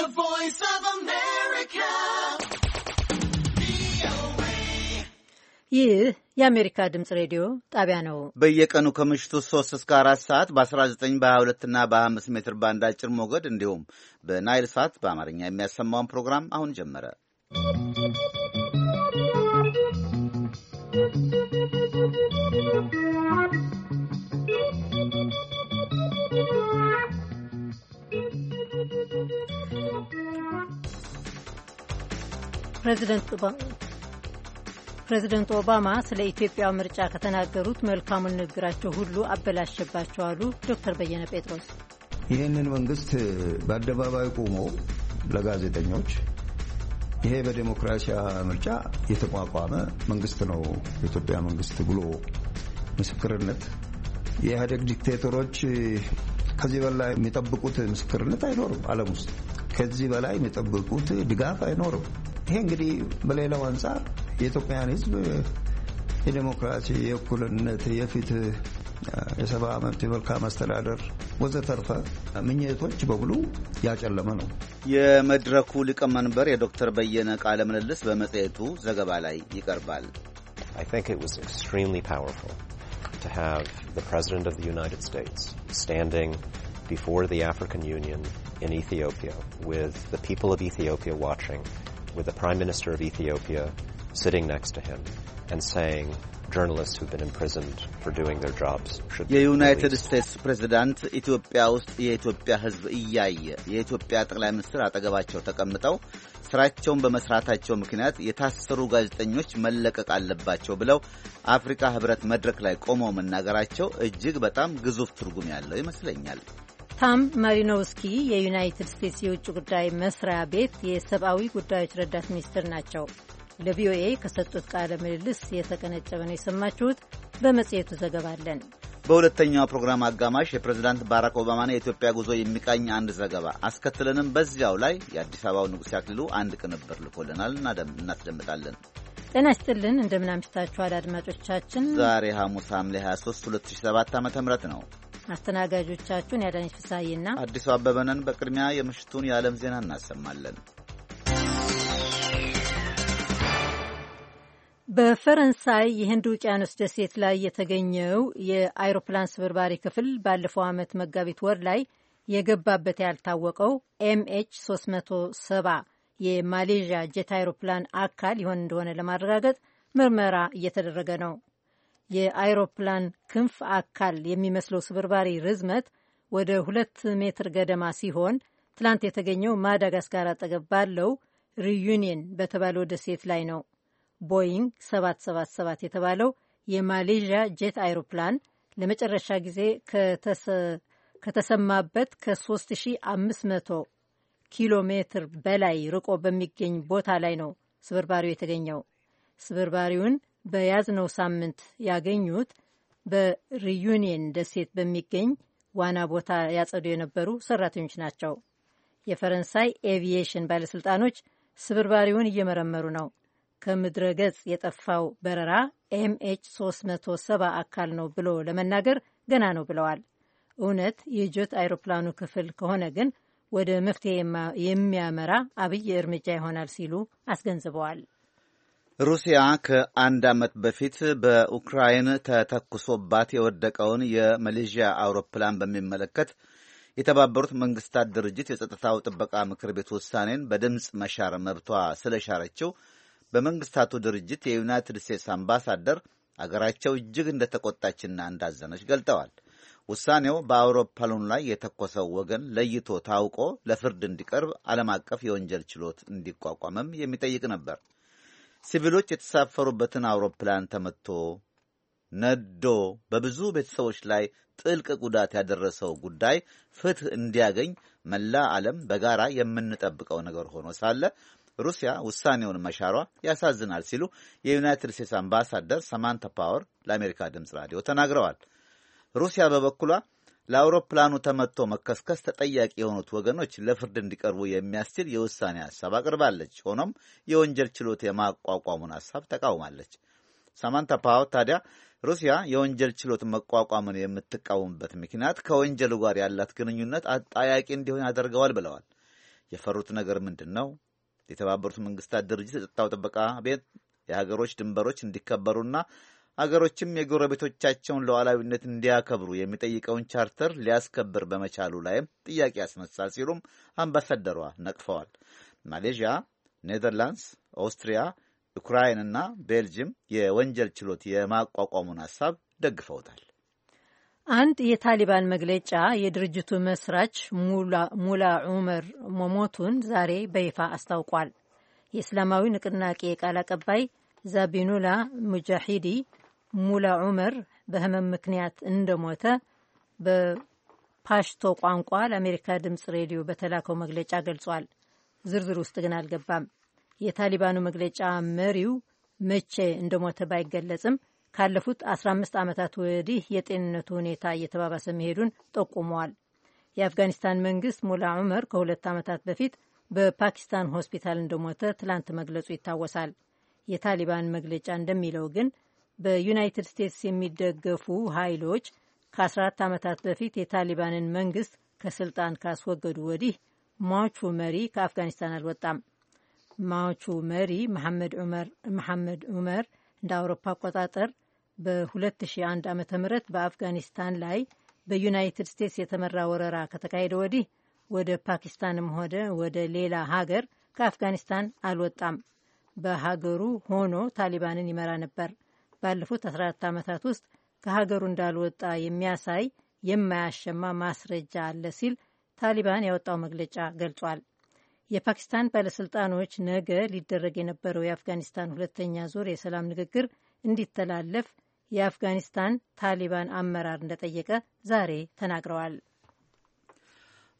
The Voice of America. ይህ የአሜሪካ ድምፅ ሬዲዮ ጣቢያ ነው። በየቀኑ ከምሽቱ 3 እስከ 4 ሰዓት በ19 በ22 እና በ25 ሜትር ባንድ አጭር ሞገድ እንዲሁም በናይል ሳት በአማርኛ የሚያሰማውን ፕሮግራም አሁን ጀመረ። ፕሬዚደንት ኦባማ ስለ ኢትዮጵያ ምርጫ ከተናገሩት መልካሙን ንግግራቸው ሁሉ አበላሸባቸው አሉ ዶክተር በየነ ጴጥሮስ። ይህንን መንግስት በአደባባይ ቆሞ ለጋዜጠኞች ይሄ በዴሞክራሲያ ምርጫ የተቋቋመ መንግስት ነው የኢትዮጵያ መንግስት ብሎ ምስክርነት የኢህአዴግ ዲክቴተሮች ከዚህ በላይ የሚጠብቁት ምስክርነት አይኖርም። ዓለም ውስጥ ከዚህ በላይ የሚጠብቁት ድጋፍ አይኖርም። I think it was extremely powerful to have the President of the United States standing before the African Union in Ethiopia with the people of Ethiopia watching with the Prime Minister of Ethiopia sitting next to him and saying journalists who've been imprisoned for doing their jobs should be የዩናይትድ ስቴትስ ፕሬዝዳንት ኢትዮጵያ ውስጥ የኢትዮጵያ ሕዝብ እያየ የኢትዮጵያ ጠቅላይ ሚኒስትር አጠገባቸው ተቀምጠው ስራቸውን በመስራታቸው ምክንያት የታሰሩ ጋዜጠኞች መለቀቅ አለባቸው ብለው አፍሪካ ህብረት መድረክ ላይ ቆመው መናገራቸው እጅግ በጣም ግዙፍ ትርጉም ያለው ይመስለኛል። ታም ማሪኖውስኪ የዩናይትድ ስቴትስ የውጭ ጉዳይ መስሪያ ቤት የሰብአዊ ጉዳዮች ረዳት ሚኒስትር ናቸው። ለቪኦኤ ከሰጡት ቃለ ምልልስ የተቀነጨበ ነው የሰማችሁት። በመጽሔቱ ዘገባ አለን። በሁለተኛው ፕሮግራም አጋማሽ የፕሬዝዳንት ባራክ ኦባማን የኢትዮጵያ ጉዞ የሚቃኝ አንድ ዘገባ አስከትለንም በዚያው ላይ የአዲስ አበባው ንጉሥ ያክልሉ አንድ ቅንብር ልኮልናል፣ እናስደምጣለን። ጤና ይስጥልን፣ እንደምን አድማጮቻችን። ዛሬ ሐሙስ ሐምሌ 23 2007 ዓ ም ነው አስተናጋጆቻችሁን ያዳነች ፍሳዬና አዲሱ አበበነን። በቅድሚያ የምሽቱን የዓለም ዜና እናሰማለን። በፈረንሳይ የህንድ ውቅያኖስ ደሴት ላይ የተገኘው የአይሮፕላን ስብርባሪ ክፍል ባለፈው ዓመት መጋቢት ወር ላይ የገባበት ያልታወቀው ኤምኤች 370 የማሌዥያ ጀት አይሮፕላን አካል ይሆን እንደሆነ ለማረጋገጥ ምርመራ እየተደረገ ነው። የአይሮፕላን ክንፍ አካል የሚመስለው ስብርባሪ ርዝመት ወደ ሁለት ሜትር ገደማ ሲሆን ትላንት የተገኘው ማዳጋስካር አጠገብ ባለው ሪዩኒየን በተባለው ደሴት ላይ ነው። ቦይንግ 777 የተባለው የማሌዥያ ጄት አይሮፕላን ለመጨረሻ ጊዜ ከተሰማበት ከ3500 ኪሎ ሜትር በላይ ርቆ በሚገኝ ቦታ ላይ ነው ስብርባሪው የተገኘው። ስብርባሪውን በያዝነው ሳምንት ያገኙት በሪዩኒየን ደሴት በሚገኝ ዋና ቦታ ያጸዱ የነበሩ ሰራተኞች ናቸው። የፈረንሳይ ኤቪዬሽን ባለሥልጣኖች ስብርባሪውን እየመረመሩ ነው። ከምድረ ገጽ የጠፋው በረራ ኤምኤች 370 አካል ነው ብሎ ለመናገር ገና ነው ብለዋል። እውነት የጆት አይሮፕላኑ ክፍል ከሆነ ግን ወደ መፍትሄ የሚያመራ አብይ እርምጃ ይሆናል ሲሉ አስገንዝበዋል። ሩሲያ ከአንድ ዓመት በፊት በኡክራይን ተተኩሶባት የወደቀውን የመሌዥያ አውሮፕላን በሚመለከት የተባበሩት መንግስታት ድርጅት የጸጥታው ጥበቃ ምክር ቤት ውሳኔን በድምፅ መሻር መብቷ ስለሻረችው በመንግስታቱ ድርጅት የዩናይትድ ስቴትስ አምባሳደር አገራቸው እጅግ እንደተቆጣችና እንዳዘነች ገልጠዋል። ውሳኔው በአውሮፕላኑ ላይ የተኮሰው ወገን ለይቶ ታውቆ ለፍርድ እንዲቀርብ ዓለም አቀፍ የወንጀል ችሎት እንዲቋቋምም የሚጠይቅ ነበር። ሲቪሎች የተሳፈሩበትን አውሮፕላን ተመቶ ነዶ በብዙ ቤተሰቦች ላይ ጥልቅ ጉዳት ያደረሰው ጉዳይ ፍትህ እንዲያገኝ መላ ዓለም በጋራ የምንጠብቀው ነገር ሆኖ ሳለ ሩሲያ ውሳኔውን መሻሯ ያሳዝናል ሲሉ የዩናይትድ ስቴትስ አምባሳደር ሰማንታ ፓወር ለአሜሪካ ድምፅ ራዲዮ ተናግረዋል። ሩሲያ በበኩሏ ለአውሮፕላኑ ተመቶ መከስከስ ተጠያቂ የሆኑት ወገኖች ለፍርድ እንዲቀርቡ የሚያስችል የውሳኔ ሀሳብ አቅርባለች። ሆኖም የወንጀል ችሎት የማቋቋሙን ሀሳብ ተቃውማለች። ሳማንታ ፓው ታዲያ ሩሲያ የወንጀል ችሎት መቋቋምን የምትቃወምበት ምክንያት ከወንጀሉ ጋር ያላት ግንኙነት አጠያቂ እንዲሆን ያደርገዋል ብለዋል። የፈሩት ነገር ምንድን ነው? የተባበሩት መንግስታት ድርጅት የጸጥታው ጥበቃ ቤት የሀገሮች ድንበሮች እንዲከበሩና አገሮችም የጎረቤቶቻቸውን ሉዓላዊነት እንዲያከብሩ የሚጠይቀውን ቻርተር ሊያስከብር በመቻሉ ላይም ጥያቄ ያስነሳል ሲሉም አምባሳደሯ ነቅፈዋል። ማሌዥያ፣ ኔዘርላንድስ፣ ኦስትሪያ፣ ዩክራይን እና ቤልጅም የወንጀል ችሎት የማቋቋሙን ሀሳብ ደግፈውታል። አንድ የታሊባን መግለጫ የድርጅቱ መስራች ሙላ ዑመር መሞቱን ዛሬ በይፋ አስታውቋል። የእስላማዊ ንቅናቄ ቃል አቀባይ ዛቢኑላ ሙጃሂዲ ሙላ ዑመር በህመም ምክንያት እንደሞተ በፓሽቶ ቋንቋ ለአሜሪካ ድምፅ ሬዲዮ በተላከው መግለጫ ገልጿል። ዝርዝር ውስጥ ግን አልገባም። የታሊባኑ መግለጫ መሪው መቼ እንደሞተ ባይገለጽም ካለፉት 15 ዓመታት ወዲህ የጤንነቱ ሁኔታ እየተባባሰ መሄዱን ጠቁመዋል። የአፍጋኒስታን መንግስት ሙላ ዑመር ከሁለት ዓመታት በፊት በፓኪስታን ሆስፒታል እንደሞተ ትላንት መግለጹ ይታወሳል። የታሊባን መግለጫ እንደሚለው ግን በዩናይትድ ስቴትስ የሚደገፉ ኃይሎች ከ14 ዓመታት በፊት የታሊባንን መንግስት ከስልጣን ካስወገዱ ወዲህ ማቹ መሪ ከአፍጋኒስታን አልወጣም። ማቹ መሪ መሐመድ ዑመር እንደ አውሮፓ አቆጣጠር በ2001 ዓ ም በአፍጋኒስታን ላይ በዩናይትድ ስቴትስ የተመራ ወረራ ከተካሄደ ወዲህ ወደ ፓኪስታንም ሆነ ወደ ሌላ ሀገር ከአፍጋኒስታን አልወጣም። በሀገሩ ሆኖ ታሊባንን ይመራ ነበር። ባለፉት 14 ዓመታት ውስጥ ከሀገሩ እንዳልወጣ የሚያሳይ የማያሸማ ማስረጃ አለ ሲል ታሊባን ያወጣው መግለጫ ገልጿል። የፓኪስታን ባለስልጣኖች ነገ ሊደረግ የነበረው የአፍጋኒስታን ሁለተኛ ዙር የሰላም ንግግር እንዲተላለፍ የአፍጋኒስታን ታሊባን አመራር እንደጠየቀ ዛሬ ተናግረዋል።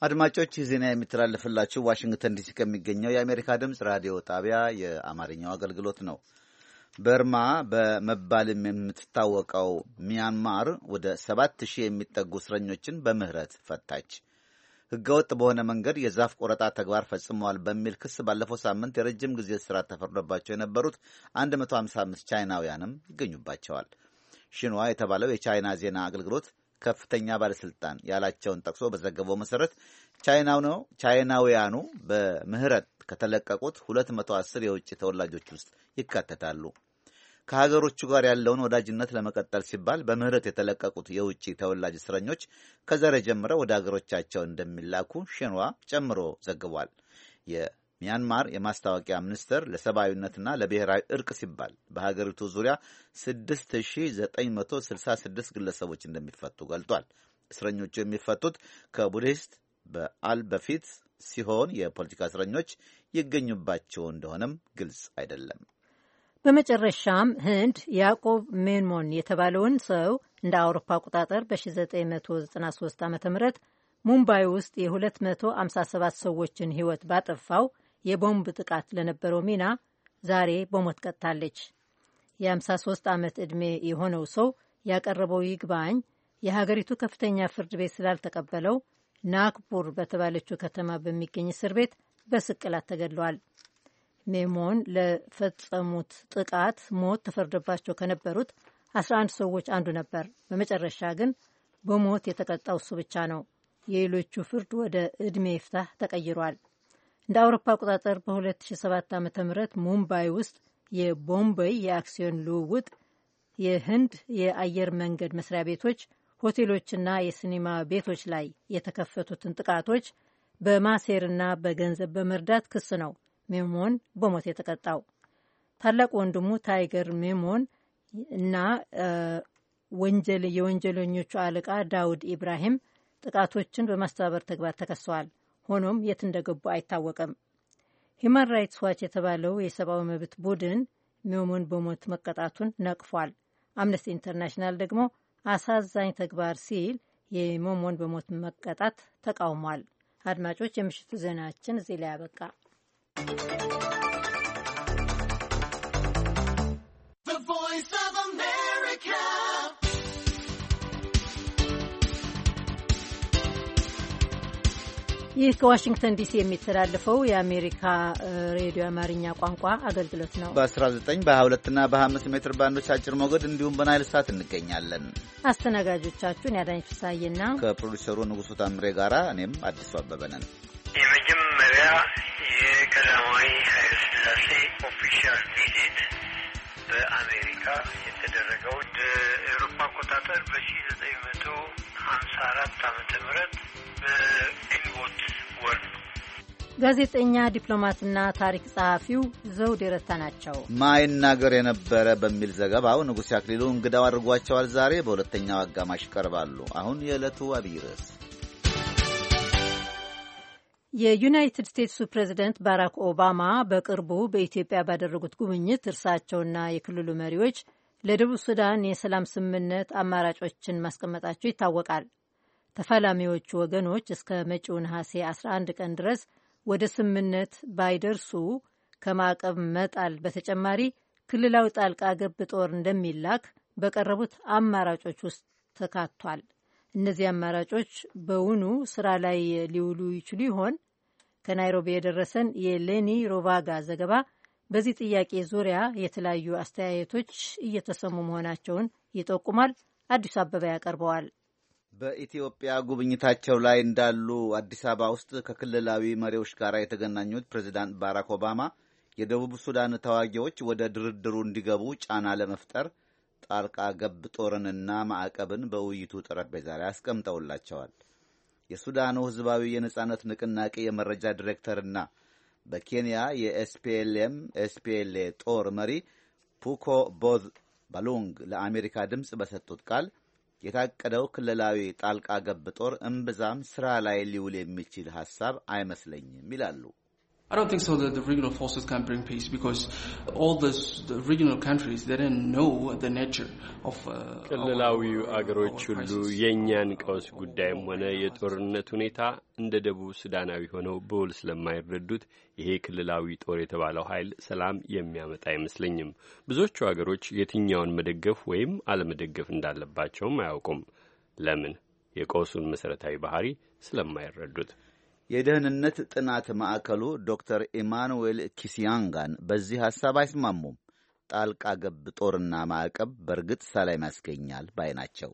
አድማጮች ይህ ዜና የሚተላለፍላችሁ ዋሽንግተን ዲሲ ከሚገኘው የአሜሪካ ድምፅ ራዲዮ ጣቢያ የአማርኛው አገልግሎት ነው። በርማ በመባልም የምትታወቀው ሚያንማር ወደ ሰባት ሺህ የሚጠጉ እስረኞችን በምህረት ፈታች። ህገወጥ በሆነ መንገድ የዛፍ ቆረጣ ተግባር ፈጽመዋል በሚል ክስ ባለፈው ሳምንት የረጅም ጊዜ እስራት ተፈርዶባቸው የነበሩት 155 ቻይናውያንም ይገኙባቸዋል። ሽንዋ የተባለው የቻይና ዜና አገልግሎት ከፍተኛ ባለስልጣን ያላቸውን ጠቅሶ በዘገበው መሰረት ቻይናውያኑ በምህረት ከተለቀቁት 210 የውጭ ተወላጆች ውስጥ ይካተታሉ። ከሀገሮቹ ጋር ያለውን ወዳጅነት ለመቀጠል ሲባል በምህረት የተለቀቁት የውጭ ተወላጅ እስረኞች ከዛሬ ጀምረው ወደ ሀገሮቻቸው እንደሚላኩ ሽንዋ ጨምሮ ዘግቧል። የሚያንማር የማስታወቂያ ሚኒስትር ለሰብአዊነትና ለብሔራዊ እርቅ ሲባል በሀገሪቱ ዙሪያ 6966 ግለሰቦች እንደሚፈቱ ገልጧል። እስረኞቹ የሚፈቱት ከቡድሂስት በዓል በፊት ሲሆን የፖለቲካ እስረኞች ይገኙባቸው እንደሆነም ግልጽ አይደለም። በመጨረሻም ህንድ ያዕቆብ ሜንሞን የተባለውን ሰው እንደ አውሮፓ አቆጣጠር በ1993 ዓ ም ሙምባይ ውስጥ የ257 ሰዎችን ህይወት ባጠፋው የቦምብ ጥቃት ለነበረው ሚና ዛሬ በሞት ቀጥታለች። የ53 ዓመት ዕድሜ የሆነው ሰው ያቀረበው ይግባኝ የሀገሪቱ ከፍተኛ ፍርድ ቤት ስላልተቀበለው ናክፑር በተባለችው ከተማ በሚገኝ እስር ቤት በስቅላት ተገድለዋል። ሜሞን ለፈጸሙት ጥቃት ሞት ተፈርዶባቸው ከነበሩት 11 ሰዎች አንዱ ነበር። በመጨረሻ ግን በሞት የተቀጣው እሱ ብቻ ነው። የሌሎቹ ፍርድ ወደ ዕድሜ ይፍታህ ተቀይሯል። እንደ አውሮፓ አቆጣጠር በ2007 ዓ ም ሙምባይ ውስጥ የቦምበይ የአክሲዮን ልውውጥ የህንድ የአየር መንገድ መስሪያ ቤቶች ሆቴሎችና የሲኒማ ቤቶች ላይ የተከፈቱትን ጥቃቶች በማሴርና በገንዘብ በመርዳት ክስ ነው ሜሞን በሞት የተቀጣው። ታላቅ ወንድሙ ታይገር ሜሞን እና ወንጀል የወንጀለኞቹ አለቃ ዳውድ ኢብራሂም ጥቃቶችን በማስተባበር ተግባር ተከሰዋል። ሆኖም የት እንደገቡ አይታወቅም። ሂማን ራይትስ ዋች የተባለው የሰብአዊ መብት ቡድን ሜሞን በሞት መቀጣቱን ነቅፏል። አምነስቲ ኢንተርናሽናል ደግሞ አሳዛኝ ተግባር ሲል የሞሞን በሞት መቀጣት ተቃውሟል። አድማጮች፣ የምሽቱ ዜናችን እዚህ ላይ ያበቃ። ይህ ከዋሽንግተን ዲሲ የሚተላለፈው የአሜሪካ ሬዲዮ አማርኛ ቋንቋ አገልግሎት ነው። በ19 በ22ና በ25 ሜትር ባንዶች አጭር ሞገድ እንዲሁም በናይል ሳት እንገኛለን። አስተናጋጆቻችሁን ያዳኝ ፍሳዬና ከፕሮዲሰሩ ንጉሱ ታምሬ ጋር እኔም አዲሱ አበበ ነን። የመጀመሪያ የቀዳማዊ ኃይለሥላሴ ኦፊሻል ቪዚት በአሜሪካ የተደረገው እንደ አውሮፓ አቆጣጠር በ900 ሀምሳ አራት ዓመተ ምህረት በግንቦት ወር ነው። ጋዜጠኛ ዲፕሎማትና ታሪክ ጸሐፊው ዘውዴ ረታ ናቸው። ማይናገር የነበረ በሚል ዘገባው ንጉሥ አክሊሉ እንግዳው አድርጓቸዋል። ዛሬ በሁለተኛው አጋማሽ ይቀርባሉ። አሁን የዕለቱ አብይ ርዕስ የዩናይትድ ስቴትሱ ፕሬዚደንት ባራክ ኦባማ በቅርቡ በኢትዮጵያ ባደረጉት ጉብኝት እርሳቸውና የክልሉ መሪዎች ለደቡብ ሱዳን የሰላም ስምምነት አማራጮችን ማስቀመጣቸው ይታወቃል። ተፋላሚዎቹ ወገኖች እስከ መጪው ነሐሴ 11 ቀን ድረስ ወደ ስምምነት ባይደርሱ ከማዕቀብ መጣል በተጨማሪ ክልላዊ ጣልቃ ገብ ጦር እንደሚላክ በቀረቡት አማራጮች ውስጥ ተካቷል። እነዚህ አማራጮች በውኑ ስራ ላይ ሊውሉ ይችሉ ይሆን? ከናይሮቢ የደረሰን የሌኒ ሮቫጋ ዘገባ በዚህ ጥያቄ ዙሪያ የተለያዩ አስተያየቶች እየተሰሙ መሆናቸውን ይጠቁማል። አዲስ አበባ ያቀርበዋል። በኢትዮጵያ ጉብኝታቸው ላይ እንዳሉ አዲስ አበባ ውስጥ ከክልላዊ መሪዎች ጋር የተገናኙት ፕሬዚዳንት ባራክ ኦባማ የደቡብ ሱዳን ተዋጊዎች ወደ ድርድሩ እንዲገቡ ጫና ለመፍጠር ጣልቃ ገብ ጦርንና ማዕቀብን በውይይቱ ጠረጴዛ ላይ አስቀምጠውላቸዋል። የሱዳኑ ሕዝባዊ የነጻነት ንቅናቄ የመረጃ ዲሬክተርና በኬንያ የኤስፒኤልኤም ኤስፒኤልኤ ጦር መሪ ፑኮ ቦዝ ባሉንግ ለአሜሪካ ድምፅ በሰጡት ቃል የታቀደው ክልላዊ ጣልቃ ገብ ጦር እምብዛም ስራ ላይ ሊውል የሚችል ሐሳብ አይመስለኝም ይላሉ። I don't think so that the regional forces can bring peace because all this, the regional countries they don't know the nature of uh, ክልላዊው አገሮች ሁሉ የእኛን ቀውስ ጉዳይም ሆነ የጦርነት ሁኔታ እንደ ደቡብ ሱዳናዊ ሆነው በውል ስለማይረዱት ይሄ ክልላዊ ጦር የተባለው ኃይል ሰላም የሚያመጣ አይመስለኝም። ብዙዎቹ አገሮች የትኛውን መደገፍ ወይም አለመደገፍ እንዳለባቸውም አያውቁም። ለምን? የቀውሱን መሠረታዊ ባህሪ ስለማይረዱት። የደህንነት ጥናት ማዕከሉ ዶክተር ኢማኑዌል ኪሲያንጋን በዚህ ሐሳብ አይስማሙም። ጣልቃ ገብ ጦርና ማዕቀብ በእርግጥ ሰላም ያስገኛል ባይ ናቸው።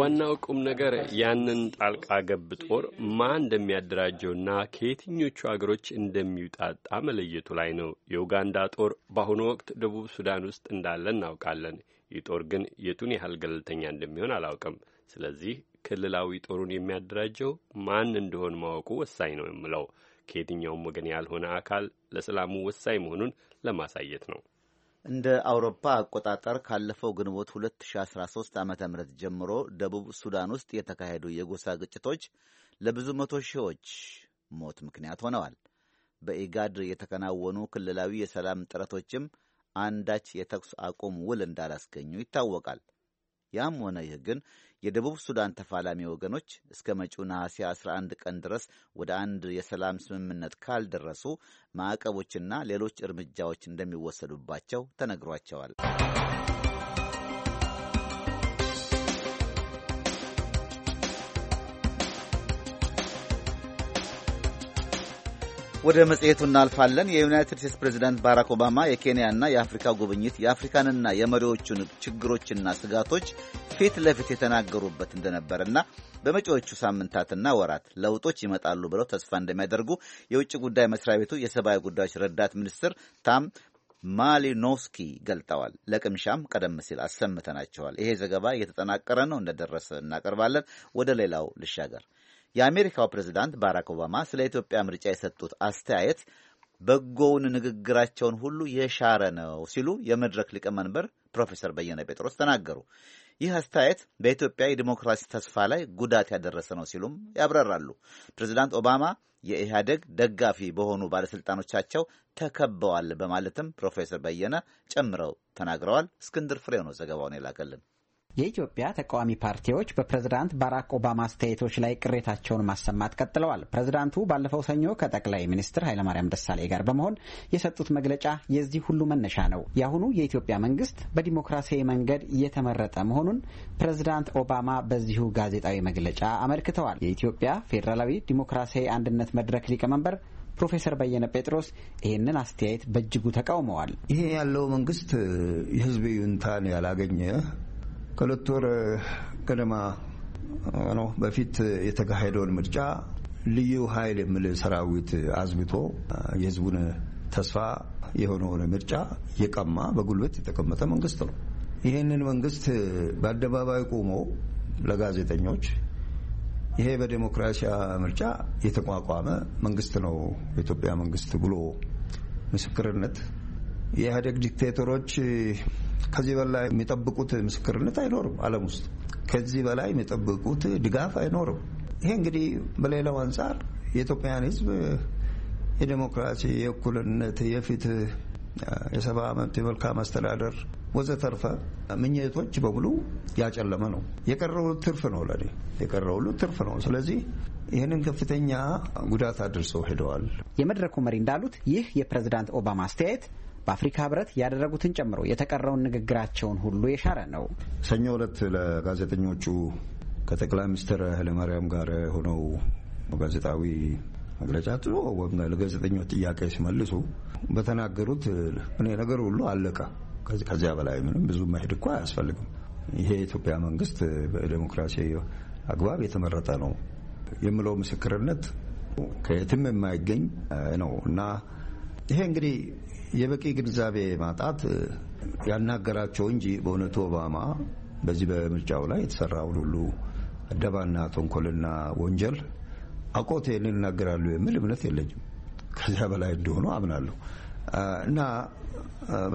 ዋናው ቁም ነገር ያንን ጣልቃ ገብ ጦር ማን እንደሚያደራጀውና ከየትኞቹ አገሮች እንደሚውጣጣ መለየቱ ላይ ነው። የኡጋንዳ ጦር በአሁኑ ወቅት ደቡብ ሱዳን ውስጥ እንዳለ እናውቃለን። ይህ ጦር ግን የቱን ያህል ገለልተኛ እንደሚሆን አላውቅም። ስለዚህ ክልላዊ ጦሩን የሚያደራጀው ማን እንደሆን ማወቁ ወሳኝ ነው የምለው ከየትኛውም ወገን ያልሆነ አካል ለሰላሙ ወሳኝ መሆኑን ለማሳየት ነው። እንደ አውሮፓ አቆጣጠር ካለፈው ግንቦት 2013 ዓ ም ጀምሮ ደቡብ ሱዳን ውስጥ የተካሄዱ የጎሳ ግጭቶች ለብዙ መቶ ሺዎች ሞት ምክንያት ሆነዋል። በኢጋድ የተከናወኑ ክልላዊ የሰላም ጥረቶችም አንዳች የተኩስ አቁም ውል እንዳላስገኙ ይታወቃል። ያም ሆነ ይህ ግን የደቡብ ሱዳን ተፋላሚ ወገኖች እስከ መጪው ነሐሴ 11 ቀን ድረስ ወደ አንድ የሰላም ስምምነት ካልደረሱ ማዕቀቦችና ሌሎች እርምጃዎች እንደሚወሰዱባቸው ተነግሯቸዋል። ወደ መጽሔቱ እናልፋለን። የዩናይትድ ስቴትስ ፕሬዚዳንት ባራክ ኦባማ የኬንያና የአፍሪካ ጉብኝት የአፍሪካንና የመሪዎቹን ችግሮችና ስጋቶች ፊት ለፊት የተናገሩበት እንደነበርና በመጪዎቹ ሳምንታትና ወራት ለውጦች ይመጣሉ ብለው ተስፋ እንደሚያደርጉ የውጭ ጉዳይ መስሪያ ቤቱ የሰብአዊ ጉዳዮች ረዳት ሚኒስትር ታም ማሊኖስኪ ገልጠዋል። ለቅምሻም ቀደም ሲል አሰምተናቸዋል። ይሄ ዘገባ እየተጠናቀረ ነው፣ እንደደረሰ እናቀርባለን። ወደ ሌላው ልሻገር። የአሜሪካው ፕሬዚዳንት ባራክ ኦባማ ስለ ኢትዮጵያ ምርጫ የሰጡት አስተያየት በጎውን ንግግራቸውን ሁሉ የሻረ ነው ሲሉ የመድረክ ሊቀመንበር ፕሮፌሰር በየነ ጴጥሮስ ተናገሩ። ይህ አስተያየት በኢትዮጵያ የዲሞክራሲ ተስፋ ላይ ጉዳት ያደረሰ ነው ሲሉም ያብራራሉ። ፕሬዚዳንት ኦባማ የኢህአደግ ደጋፊ በሆኑ ባለሥልጣኖቻቸው ተከበዋል በማለትም ፕሮፌሰር በየነ ጨምረው ተናግረዋል። እስክንድር ፍሬው ነው ዘገባውን የላከልን። የኢትዮጵያ ተቃዋሚ ፓርቲዎች በፕሬዝዳንት ባራክ ኦባማ አስተያየቶች ላይ ቅሬታቸውን ማሰማት ቀጥለዋል። ፕሬዝዳንቱ ባለፈው ሰኞ ከጠቅላይ ሚኒስትር ኃይለማርያም ደሳሌ ጋር በመሆን የሰጡት መግለጫ የዚህ ሁሉ መነሻ ነው። የአሁኑ የኢትዮጵያ መንግስት በዲሞክራሲያዊ መንገድ እየተመረጠ መሆኑን ፕሬዝዳንት ኦባማ በዚሁ ጋዜጣዊ መግለጫ አመልክተዋል። የኢትዮጵያ ፌዴራላዊ ዲሞክራሲያዊ አንድነት መድረክ ሊቀመንበር ፕሮፌሰር በየነ ጴጥሮስ ይህንን አስተያየት በእጅጉ ተቃውመዋል። ይሄ ያለው መንግስት የህዝብ ይሁንታን ያላገኘ ከሁለት ወር ገደማ ነው በፊት የተካሄደውን ምርጫ ልዩ ኃይል የሚል ሰራዊት አዝብቶ የህዝቡን ተስፋ የሆነውን ምርጫ የቀማ በጉልበት የተቀመጠ መንግስት ነው። ይህንን መንግስት በአደባባይ ቆሞ ለጋዜጠኞች ይሄ በዴሞክራሲያ ምርጫ የተቋቋመ መንግስት ነው የኢትዮጵያ መንግስት ብሎ ምስክርነት የኢህአዴግ ዲክቴተሮች ከዚህ በላይ የሚጠብቁት ምስክርነት አይኖርም። ዓለም ውስጥ ከዚህ በላይ የሚጠብቁት ድጋፍ አይኖርም። ይሄ እንግዲህ በሌላው አንጻር የኢትዮጵያን ሕዝብ የዴሞክራሲ፣ የእኩልነት፣ የፍትህ፣ የሰባ መብት፣ የመልካም አስተዳደር ወዘተርፈ ምኞቶች በሙሉ ያጨለመ ነው። የቀረው ትርፍ ነው፣ ለኔ የቀረው ሁሉ ትርፍ ነው። ስለዚህ ይህንን ከፍተኛ ጉዳት አድርሰው ሄደዋል። የመድረኩ መሪ እንዳሉት ይህ የፕሬዝዳንት ኦባማ አስተያየት በአፍሪካ ህብረት ያደረጉትን ጨምሮ የተቀረውን ንግግራቸውን ሁሉ የሻረ ነው። ሰኞ ዕለት ለጋዜጠኞቹ ከጠቅላይ ሚኒስትር ኃይለማርያም ጋር ሆነው ጋዜጣዊ መግለጫ ጥሎ ለጋዜጠኞች ጥያቄ ሲመልሱ በተናገሩት እኔ ነገር ሁሉ አለቀ። ከዚያ በላይ ምንም ብዙ መሄድ እኮ አያስፈልግም። ይሄ የኢትዮጵያ መንግስት በዲሞክራሲ አግባብ የተመረጠ ነው የምለው ምስክርነት ከየትም የማይገኝ ነው እና ይሄ እንግዲህ የበቂ ግንዛቤ ማጣት ያናገራቸው እንጂ በእውነቱ ኦባማ በዚህ በምርጫው ላይ የተሰራውን ሁሉ ደባና ተንኮልና ወንጀል አቆቴ ልናገራሉ የሚል እምነት የለኝም። ከዚያ በላይ እንደሆኑ አምናለሁ እና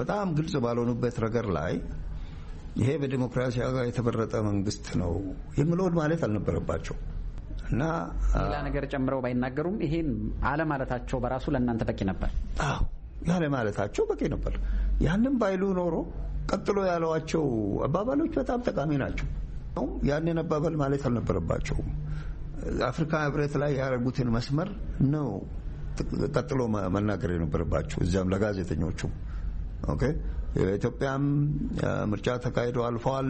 በጣም ግልጽ ባልሆኑበት ነገር ላይ ይሄ በዲሞክራሲ ጋር የተመረጠ መንግስት ነው የምለውን ማለት አልነበረባቸው እና ሌላ ነገር ጨምረው ባይናገሩም ይሄን አለማለታቸው በራሱ ለእናንተ በቂ ነበር። አዎ ያለማለታቸው በቂ ነበር። ያንም ባይሉ ኖሮ ቀጥሎ ያለዋቸው አባባሎች በጣም ጠቃሚ ናቸው። ያንን አባባል ማለት አልነበረባቸውም። አፍሪካ ህብረት ላይ ያደረጉትን መስመር ነው ቀጥሎ መናገር የነበረባቸው እዚያም ለጋዜጠኞቹ በኢትዮጵያም ኢትዮጵያም ምርጫ ተካሂዶ አልፈዋል።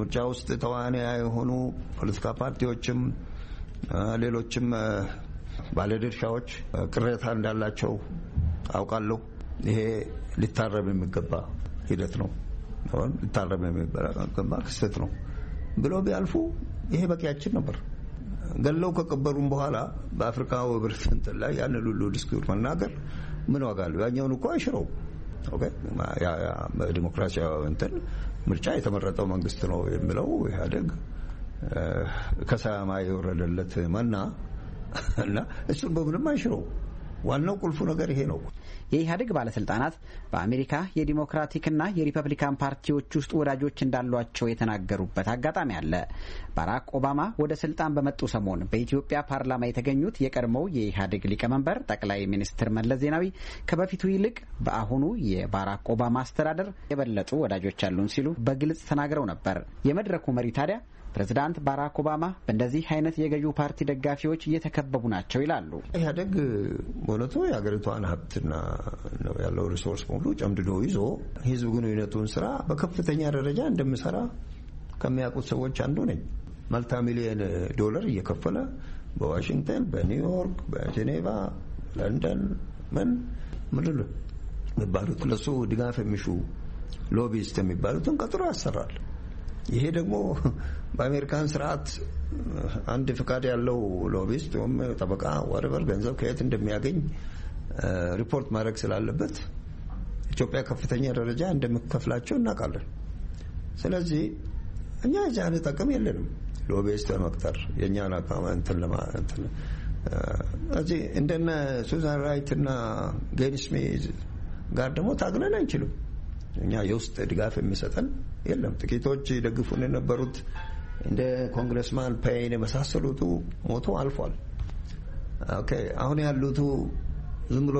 ምርጫ ውስጥ ተዋንያ የሆኑ ፖለቲካ ፓርቲዎችም ሌሎችም ባለድርሻዎች ቅሬታ እንዳላቸው አውቃለሁ። ይሄ ሊታረም የሚገባ ሂደት ነው፣ ሊታረም የሚገባ ክስተት ነው ብሎ ቢያልፉ ይሄ በቂያችን ነበር። ገለው ከቀበሩም በኋላ በአፍሪካ ህብረት እንትን ላይ ያን ሁሉ ዲስኩር መናገር ምን ዋጋ አለው? ያኛውን እኮ አይሽረው። ዲሞክራሲያዊ እንትን ምርጫ የተመረጠው መንግስት ነው የሚለው ኢህአዴግ ከሰማይ የወረደለት መና እና እሱን በምንም አይሽረው። ዋናው ቁልፉ ነገር ይሄ ነው። የኢህአዴግ ባለስልጣናት በአሜሪካ የዲሞክራቲክና የሪፐብሊካን ፓርቲዎች ውስጥ ወዳጆች እንዳሏቸው የተናገሩበት አጋጣሚ አለ። ባራክ ኦባማ ወደ ስልጣን በመጡ ሰሞን በኢትዮጵያ ፓርላማ የተገኙት የቀድሞው የኢህአዴግ ሊቀመንበር ጠቅላይ ሚኒስትር መለስ ዜናዊ ከበፊቱ ይልቅ በአሁኑ የባራክ ኦባማ አስተዳደር የበለጡ ወዳጆች አሉን ሲሉ በግልጽ ተናግረው ነበር። የመድረኩ መሪ ታዲያ ፕሬዚዳንት ባራክ ኦባማ በእንደዚህ አይነት የገዢው ፓርቲ ደጋፊዎች እየተከበቡ ናቸው ይላሉ። ኢህአደግ በእውነቱ የሀገሪቷን ሀብትና ያለው ሪሶርስ በሙሉ ጨምድዶ ይዞ ህዝብ ግንኙነቱን ስራ በከፍተኛ ደረጃ እንደምሰራ ከሚያውቁት ሰዎች አንዱ ነኝ። መልታ ሚሊየን ዶላር እየከፈለ በዋሽንግተን፣ በኒውዮርክ፣ በጄኔቫ፣ ለንደን ምን ምልል የሚባሉት ለሱ ድጋፍ የሚሹ ሎቢስት የሚባሉትን ቀጥሮ ያሰራል። ይሄ ደግሞ በአሜሪካን ስርዓት አንድ ፍቃድ ያለው ሎቢስት ወይም ጠበቃ ወርበር ገንዘብ ከየት እንደሚያገኝ ሪፖርት ማድረግ ስላለበት ኢትዮጵያ ከፍተኛ ደረጃ እንደምከፍላቸው እናውቃለን። ስለዚህ እኛ የዚህ አይነት አቅም የለንም። ሎቢስት በመቅጠር የእኛን አቋም እንትን እዚህ እንደነ ሱዛን ራይት እና ጌን ስሚዝ ጋር ደግሞ ታግለን አንችልም። እኛ የውስጥ ድጋፍ የሚሰጠን የለም። ጥቂቶች ይደግፉን የነበሩት እንደ ኮንግረስማን ፓይን የመሳሰሉቱ ሞቶ አልፏል። አሁን ያሉቱ ዝም ብሎ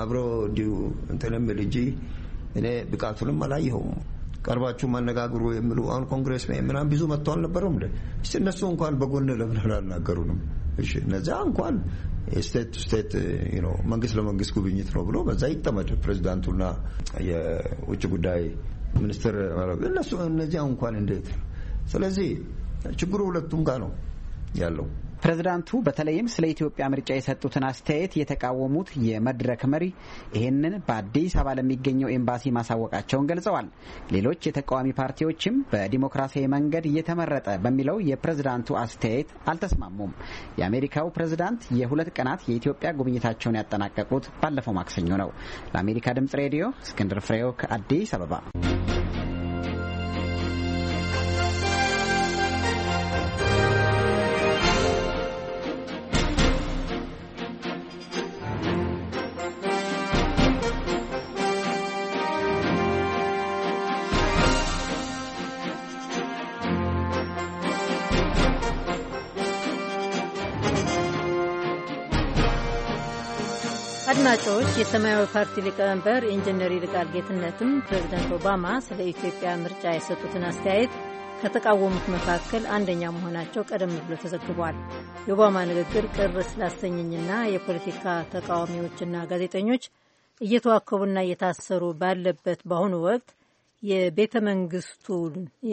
አብሮ እንዲሁ እንትን የሚል እንጂ እኔ ብቃቱንም አላየሁም። ቀርባችሁ ማነጋግሩ የሚሉ አሁን ኮንግረስ ምናምን ብዙ መጥቶ አልነበረም። እስቲ እነሱ እንኳን በጎን ለምን አልናገሩንም? እሺ እነዚያ እንኳን ስቴት ስቴት መንግስት ለመንግስት ጉብኝት ነው ብሎ በዛ ይጠመድ ፕሬዚዳንቱና የውጭ ጉዳይ ሚኒስትር እነሱ እነዚያ እንኳን እንዴት። ስለዚህ ችግሩ ሁለቱም ጋር ነው ያለው። ፕሬዝዳንቱ በተለይም ስለ ኢትዮጵያ ምርጫ የሰጡትን አስተያየት የተቃወሙት የመድረክ መሪ ይህንን በአዲስ አበባ ለሚገኘው ኤምባሲ ማሳወቃቸውን ገልጸዋል። ሌሎች የተቃዋሚ ፓርቲዎችም በዲሞክራሲያዊ መንገድ እየተመረጠ በሚለው የፕሬዝዳንቱ አስተያየት አልተስማሙም። የአሜሪካው ፕሬዝዳንት የሁለት ቀናት የኢትዮጵያ ጉብኝታቸውን ያጠናቀቁት ባለፈው ማክሰኞ ነው። ለአሜሪካ ድምጽ ሬዲዮ እስክንድር ፍሬው ከአዲስ አበባ አድማጮች፣ የሰማያዊ ፓርቲ ሊቀመንበር ኢንጂነር ይልቃል ጌትነትም ፕሬዚደንት ኦባማ ስለ ኢትዮጵያ ምርጫ የሰጡትን አስተያየት ከተቃወሙት መካከል አንደኛ መሆናቸው ቀደም ብሎ ተዘግቧል። የኦባማ ንግግር ቅር ስላስተኝኝና የፖለቲካ ተቃዋሚዎችና ጋዜጠኞች እየተዋከቡና እየታሰሩ ባለበት በአሁኑ ወቅት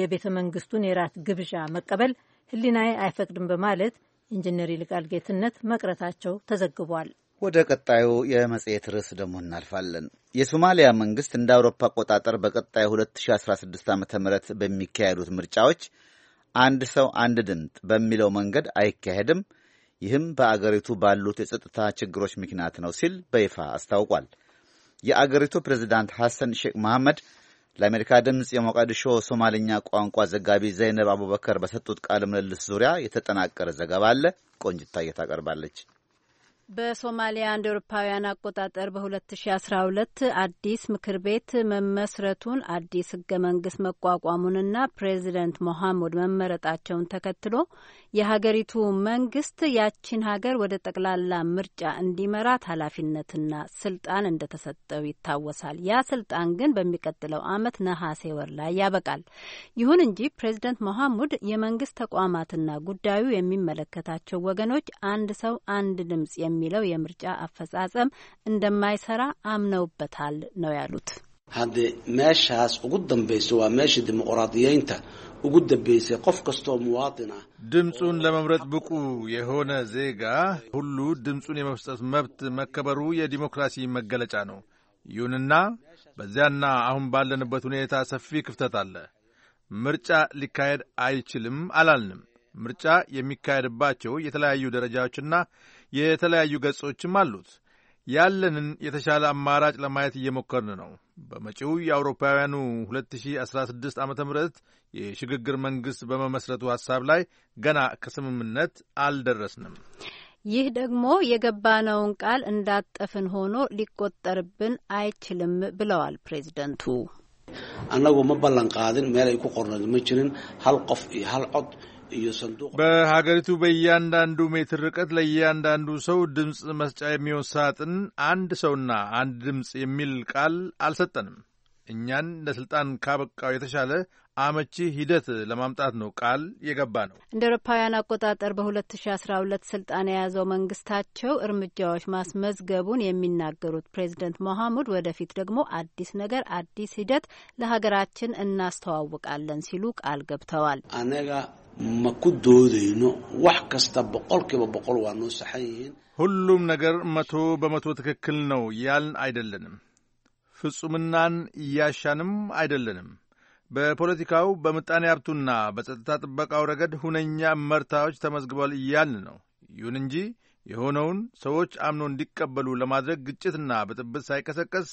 የቤተ መንግስቱን የራት ግብዣ መቀበል ህሊናዬ አይፈቅድም በማለት ኢንጂነር ይልቃል ጌትነት መቅረታቸው ተዘግቧል። ወደ ቀጣዩ የመጽሔት ርዕስ ደግሞ እናልፋለን። የሶማሊያ መንግስት እንደ አውሮፓ አቆጣጠር በቀጣዩ 2016 ዓ ም በሚካሄዱት ምርጫዎች አንድ ሰው አንድ ድምፅ በሚለው መንገድ አይካሄድም፣ ይህም በአገሪቱ ባሉት የጸጥታ ችግሮች ምክንያት ነው ሲል በይፋ አስታውቋል። የአገሪቱ ፕሬዚዳንት ሐሰን ሼክ መሐመድ ለአሜሪካ ድምፅ የሞቃዲሾ ሶማልኛ ቋንቋ ዘጋቢ ዘይነብ አቡበከር በሰጡት ቃለ ምልልስ ዙሪያ የተጠናቀረ ዘገባ አለ። ቆንጅታ እየታቀርባለች። በሶማሊያ እንደ ኤውሮፓውያን አቆጣጠር በ2012 አዲስ ምክር ቤት መመስረቱን አዲስ ህገ መንግስት መቋቋሙንና ፕሬዚደንት ሞሐሙድ መመረጣቸውን ተከትሎ የሀገሪቱ መንግስት ያቺን ሀገር ወደ ጠቅላላ ምርጫ እንዲመራት ኃላፊነትና ስልጣን እንደተሰጠው ይታወሳል። ያ ስልጣን ግን በሚቀጥለው አመት ነሐሴ ወር ላይ ያበቃል። ይሁን እንጂ ፕሬዚደንት ሞሐሙድ የመንግስት ተቋማትና ጉዳዩ የሚመለከታቸው ወገኖች አንድ ሰው አንድ ድምጽ የሚ የሚለው የምርጫ አፈጻጸም እንደማይሰራ አምነውበታል ነው ያሉት። ሀደ መሻስ ኡጉ ደንበይሶ ዋ መሽ ዲሞቅራጥየንታ ኡጉ ደንበይሰ ቆፍ ከስቶ ሙዋጥና ድምፁን ለመምረጥ ብቁ የሆነ ዜጋ ሁሉ ድምፁን የመስጠት መብት መከበሩ የዲሞክራሲ መገለጫ ነው። ይሁንና በዚያና አሁን ባለንበት ሁኔታ ሰፊ ክፍተት አለ። ምርጫ ሊካሄድ አይችልም አላልንም። ምርጫ የሚካሄድባቸው የተለያዩ ደረጃዎችና የተለያዩ ገጾችም አሉት። ያለንን የተሻለ አማራጭ ለማየት እየሞከርን ነው። በመጪው የአውሮፓውያኑ 2016 ዓ ም የሽግግር መንግሥት በመመስረቱ ሐሳብ ላይ ገና ከስምምነት አልደረስንም። ይህ ደግሞ የገባነውን ቃል እንዳጠፍን ሆኖ ሊቆጠርብን አይችልም ብለዋል ፕሬዚደንቱ አነጉ መባላንቃድን ሜል ay ku ቆርነ ma jirin hal በሀገሪቱ በእያንዳንዱ ሜትር ርቀት ለእያንዳንዱ ሰው ድምፅ መስጫ የሚሆን ሳጥን አንድ ሰውና አንድ ድምፅ የሚል ቃል አልሰጠንም። እኛን ለስልጣን ካበቃው የተሻለ አመቺ ሂደት ለማምጣት ነው ቃል የገባ ነው። እንደ አውሮፓውያን አቆጣጠር በ2012 ስልጣን የያዘው መንግስታቸው እርምጃዎች ማስመዝገቡን የሚናገሩት ፕሬዚደንት ሞሐሙድ ወደፊት ደግሞ አዲስ ነገር አዲስ ሂደት ለሀገራችን እናስተዋውቃለን ሲሉ ቃል ገብተዋል። አነጋ ማኩ ዶደይኖ ዋሕ ከስታ በቆል ኪበ በቆል ዋኖ ሁሉም ነገር መቶ በመቶ ትክክል ነው ያልን አይደለንም። ፍጹምናን እያሻንም አይደለንም በፖለቲካው በምጣኔ ሀብቱና በጸጥታ ጥበቃው ረገድ ሁነኛ መርታዎች ተመዝግበዋል እያልን ነው። ይሁን እንጂ የሆነውን ሰዎች አምኖ እንዲቀበሉ ለማድረግ ግጭትና ብጥብጥ ሳይቀሰቀስ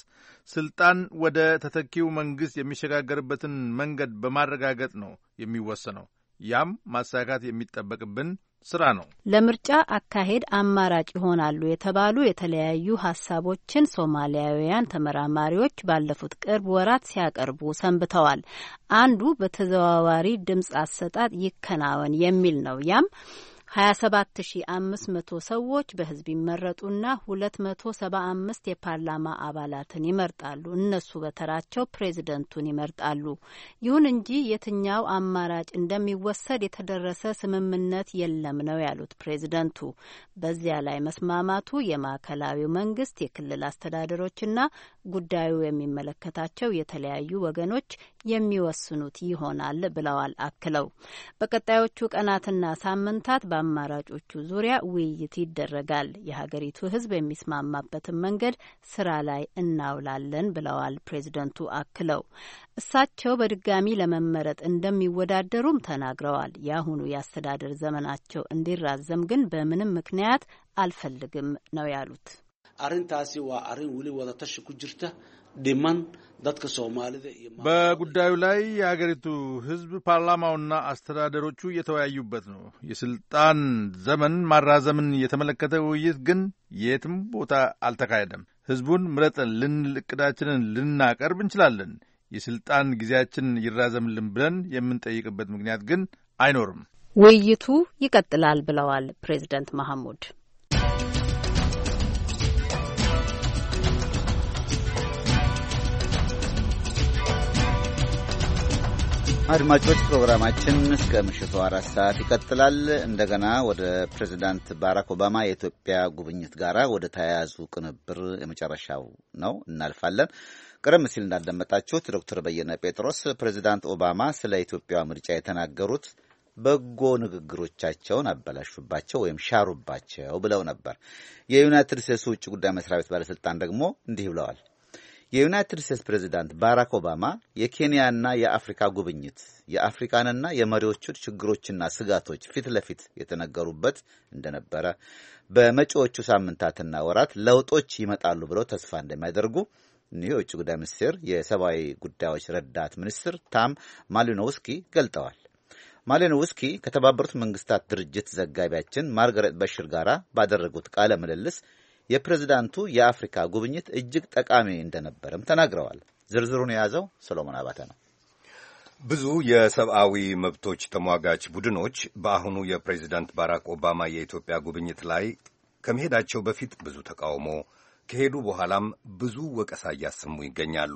ስልጣን ወደ ተተኪው መንግሥት የሚሸጋገርበትን መንገድ በማረጋገጥ ነው የሚወሰነው። ያም ማሳካት የሚጠበቅብን ስራ ነው። ለምርጫ አካሄድ አማራጭ ይሆናሉ የተባሉ የተለያዩ ሀሳቦችን ሶማሊያውያን ተመራማሪዎች ባለፉት ቅርብ ወራት ሲያቀርቡ ሰንብተዋል። አንዱ በተዘዋዋሪ ድምፅ አሰጣጥ ይከናወን የሚል ነው። ያም 27500 ሰዎች በህዝብ ይመረጡና 275 የፓርላማ አባላትን ይመርጣሉ። እነሱ በተራቸው ፕሬዝደንቱን ይመርጣሉ። ይሁን እንጂ የትኛው አማራጭ እንደሚወሰድ የተደረሰ ስምምነት የለም ነው ያሉት ፕሬዝደንቱ። በዚያ ላይ መስማማቱ የማዕከላዊው መንግስት፣ የክልል አስተዳደሮችና ጉዳዩ የሚመለከታቸው የተለያዩ ወገኖች የሚወስኑት ይሆናል ብለዋል። አክለው በቀጣዮቹ ቀናትና ሳምንታት በአማራጮቹ ዙሪያ ውይይት ይደረጋል። የሀገሪቱ ሕዝብ የሚስማማበትን መንገድ ስራ ላይ እናውላለን ብለዋል ፕሬዝደንቱ። አክለው እሳቸው በድጋሚ ለመመረጥ እንደሚወዳደሩም ተናግረዋል። የአሁኑ የአስተዳደር ዘመናቸው እንዲራዘም ግን በምንም ምክንያት አልፈልግም ነው ያሉት። አሪንታሲ ዋ አሪን ውሊ ወደታሽ ኩጅርታ dhiman በጉዳዩ ላይ የአገሪቱ ሕዝብ ፓርላማውና አስተዳደሮቹ እየተወያዩበት ነው። የስልጣን ዘመን ማራዘምን የተመለከተ ውይይት ግን የትም ቦታ አልተካሄደም። ሕዝቡን ምረጠን ልንል ዕቅዳችንን ልናቀርብ እንችላለን። የስልጣን ጊዜያችን ይራዘምልን ብለን የምንጠይቅበት ምክንያት ግን አይኖርም። ውይይቱ ይቀጥላል ብለዋል ፕሬዚደንት መሐሙድ አድማጮች ፕሮግራማችን እስከ ምሽቱ አራት ሰዓት ይቀጥላል። እንደገና ወደ ፕሬዚዳንት ባራክ ኦባማ የኢትዮጵያ ጉብኝት ጋራ ወደ ተያያዙ ቅንብር የመጨረሻው ነው እናልፋለን። ቀደም ሲል እንዳዳመጣችሁት ዶክተር በየነ ጴጥሮስ ፕሬዚዳንት ኦባማ ስለ ኢትዮጵያ ምርጫ የተናገሩት በጎ ንግግሮቻቸውን አበላሹባቸው ወይም ሻሩባቸው ብለው ነበር። የዩናይትድ ስቴትስ ውጭ ጉዳይ መስሪያ ቤት ባለስልጣን ደግሞ እንዲህ ብለዋል። የዩናይትድ ስቴትስ ፕሬዚዳንት ባራክ ኦባማ የኬንያና የአፍሪካ ጉብኝት የአፍሪካንና የመሪዎቹን ችግሮችና ስጋቶች ፊት ለፊት የተነገሩበት እንደነበረ በመጪዎቹ ሳምንታትና ወራት ለውጦች ይመጣሉ ብለው ተስፋ እንደሚያደርጉ እኒሁ የውጭ ጉዳይ ሚኒስቴር የሰብአዊ ጉዳዮች ረዳት ሚኒስትር ታም ማሊኖውስኪ ገልጠዋል። ማሊኖውስኪ ከተባበሩት መንግስታት ድርጅት ዘጋቢያችን ማርገሬት በሽር ጋር ባደረጉት ቃለ ምልልስ የፕሬዝዳንቱ የአፍሪካ ጉብኝት እጅግ ጠቃሚ እንደነበረም ተናግረዋል። ዝርዝሩን የያዘው ሰሎሞን አባተ ነው። ብዙ የሰብአዊ መብቶች ተሟጋች ቡድኖች በአሁኑ የፕሬዚዳንት ባራክ ኦባማ የኢትዮጵያ ጉብኝት ላይ ከመሄዳቸው በፊት ብዙ ተቃውሞ፣ ከሄዱ በኋላም ብዙ ወቀሳ እያሰሙ ይገኛሉ።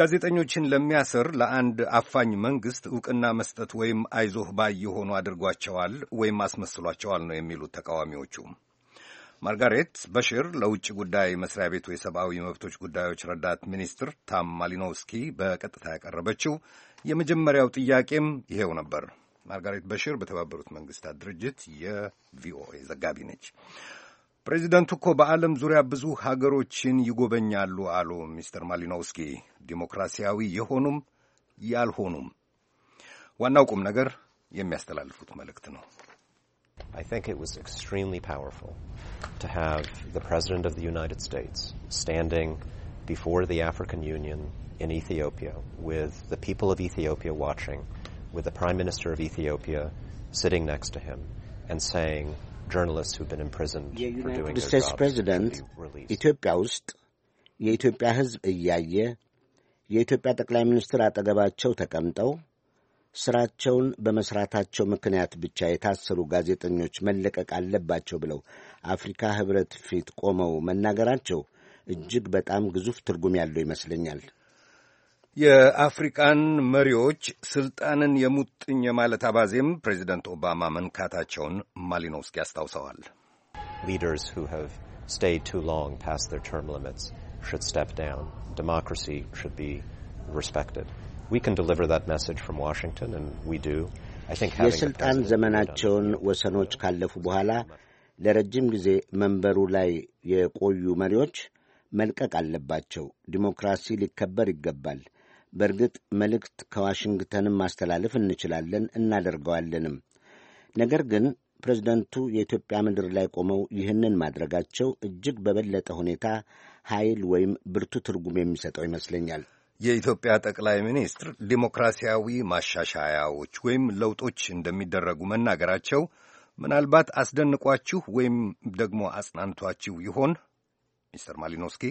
ጋዜጠኞችን ለሚያስር ለአንድ አፋኝ መንግሥት ዕውቅና መስጠት ወይም አይዞህ ባይ የሆኑ አድርጓቸዋል ወይም አስመስሏቸዋል ነው የሚሉት ተቃዋሚዎቹ። ማርጋሬት በሽር ለውጭ ጉዳይ መስሪያ ቤቱ የሰብአዊ መብቶች ጉዳዮች ረዳት ሚኒስትር ታም ማሊኖስኪ በቀጥታ ያቀረበችው የመጀመሪያው ጥያቄም ይሄው ነበር። ማርጋሬት በሽር በተባበሩት መንግስታት ድርጅት የቪኦኤ ዘጋቢ ነች። ፕሬዚደንቱ እኮ በዓለም ዙሪያ ብዙ ሀገሮችን ይጎበኛሉ አሉ ሚስተር ማሊኖውስኪ። ዲሞክራሲያዊ የሆኑም ያልሆኑም ዋናው ቁም ነገር የሚያስተላልፉት መልእክት ነው። I think it was extremely powerful to have the President of the United States standing before the African Union in Ethiopia with the people of Ethiopia watching, with the Prime Minister of Ethiopia sitting next to him and saying, journalists who've been imprisoned for doing their jobs States President, ኢትዮጵያ ውስጥ የኢትዮጵያ ሕዝብ እያየ የኢትዮጵያ ጠቅላይ ሚኒስትር አጠገባቸው ተቀምጠው ስራቸውን በመስራታቸው ምክንያት ብቻ የታሰሩ ጋዜጠኞች መለቀቅ አለባቸው ብለው አፍሪካ ህብረት ፊት ቆመው መናገራቸው እጅግ በጣም ግዙፍ ትርጉም ያለው ይመስለኛል። የአፍሪቃን መሪዎች ስልጣንን የሙጥኝ የማለት አባዜም ፕሬዚደንት ኦባማ መንካታቸውን ማሊኖቭስኪ አስታውሰዋል። ሊደርስ ሁ have stayed too long past their term የሥልጣን ዘመናቸውን ወሰኖች ካለፉ በኋላ ለረጅም ጊዜ መንበሩ ላይ የቆዩ መሪዎች መልቀቅ አለባቸው። ዲሞክራሲ ሊከበር ይገባል። በእርግጥ መልእክት ከዋሽንግተንም ማስተላለፍ እንችላለን እናደርገዋለንም። ነገር ግን ፕሬዚደንቱ የኢትዮጵያ ምድር ላይ ቆመው ይህንን ማድረጋቸው እጅግ በበለጠ ሁኔታ ኃይል ወይም ብርቱ ትርጉም የሚሰጠው ይመስለኛል። የኢትዮጵያ ጠቅላይ ሚኒስትር ዲሞክራሲያዊ ማሻሻያዎች ወይም ለውጦች እንደሚደረጉ መናገራቸው ምናልባት አስደንቋችሁ ወይም ደግሞ አጽናንቷችሁ ይሆን? ሚስተር ማሊኖስኪ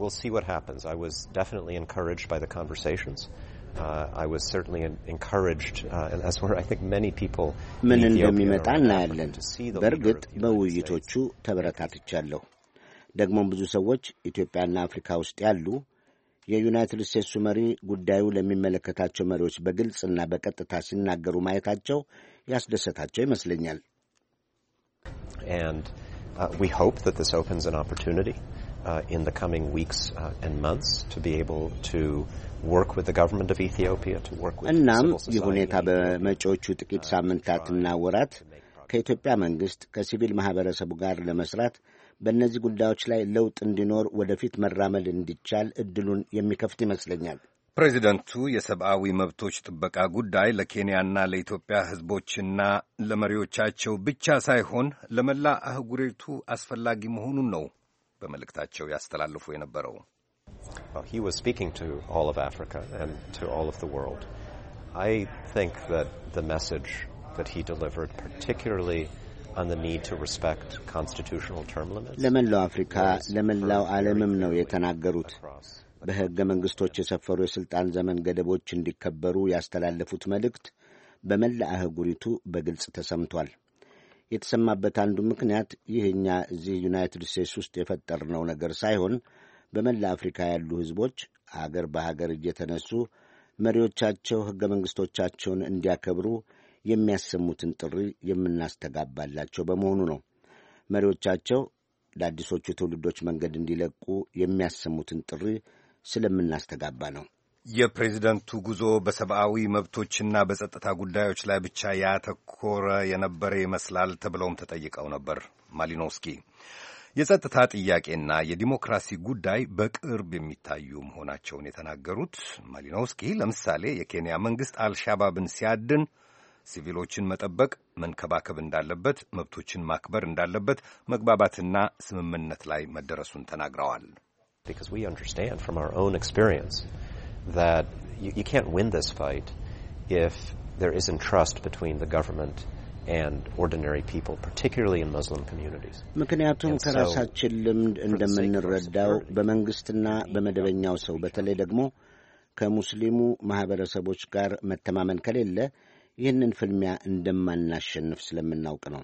We'll see what happens. I was definitely encouraged by the conversations. Uh, I was certainly encouraged, uh, and that's where I think many people. ምን እንደሚመጣ እናያለን። በእርግጥ በውይይቶቹ ተበረታትቻለሁ። ደግሞም ብዙ ሰዎች ኢትዮጵያና አፍሪካ ውስጥ ያሉ የዩናይትድ ስቴትሱ መሪ ጉዳዩ ለሚመለከታቸው መሪዎች በግልጽና በቀጥታ ሲናገሩ ማየታቸው ያስደሰታቸው ይመስለኛል። uh, uh, uh, እናም ይህ ሁኔታ በመጪዎቹ ጥቂት ሳምንታትና ወራት ከኢትዮጵያ መንግሥት ከሲቪል ማኅበረሰቡ ጋር ለመሥራት በእነዚህ ጉዳዮች ላይ ለውጥ እንዲኖር ወደፊት መራመድ እንዲቻል እድሉን የሚከፍት ይመስለኛል። ፕሬዚደንቱ የሰብአዊ መብቶች ጥበቃ ጉዳይ ለኬንያና ለኢትዮጵያ ሕዝቦችና ለመሪዎቻቸው ብቻ ሳይሆን ለመላ አህጉሪቱ አስፈላጊ መሆኑን ነው በመልእክታቸው ያስተላልፉ የነበረው። oh, I think that the message that he delivered, particularly ለመላው አፍሪካ ለመላው ዓለምም ነው የተናገሩት። በሕገ መንግሥቶች የሰፈሩ የሥልጣን ዘመን ገደቦች እንዲከበሩ ያስተላለፉት መልእክት በመላ አህጉሪቱ በግልጽ ተሰምቷል። የተሰማበት አንዱ ምክንያት ይህ እኛ እዚህ ዩናይትድ ስቴትስ ውስጥ የፈጠርነው ነገር ሳይሆን በመላ አፍሪካ ያሉ ሕዝቦች አገር በሀገር እየተነሱ መሪዎቻቸው ሕገ መንግሥቶቻቸውን እንዲያከብሩ የሚያሰሙትን ጥሪ የምናስተጋባላቸው በመሆኑ ነው። መሪዎቻቸው ለአዲሶቹ ትውልዶች መንገድ እንዲለቁ የሚያሰሙትን ጥሪ ስለምናስተጋባ ነው። የፕሬዚደንቱ ጉዞ በሰብአዊ መብቶችና በጸጥታ ጉዳዮች ላይ ብቻ ያተኮረ የነበረ ይመስላል ተብለውም ተጠይቀው ነበር ማሊኖስኪ። የጸጥታ ጥያቄና የዲሞክራሲ ጉዳይ በቅርብ የሚታዩ መሆናቸውን የተናገሩት ማሊኖስኪ ለምሳሌ የኬንያ መንግሥት አልሻባብን ሲያድን ሲቪሎችን መጠበቅ፣ መንከባከብ እንዳለበት፣ መብቶችን ማክበር እንዳለበት መግባባትና ስምምነት ላይ መደረሱን ተናግረዋል። ምክንያቱም ከራሳችን ልምድ እንደምንረዳው በመንግስትና በመደበኛው ሰው በተለይ ደግሞ ከሙስሊሙ ማህበረሰቦች ጋር መተማመን ከሌለ ይህንን ፍልሚያ እንደማናሸንፍ ስለምናውቅ ነው።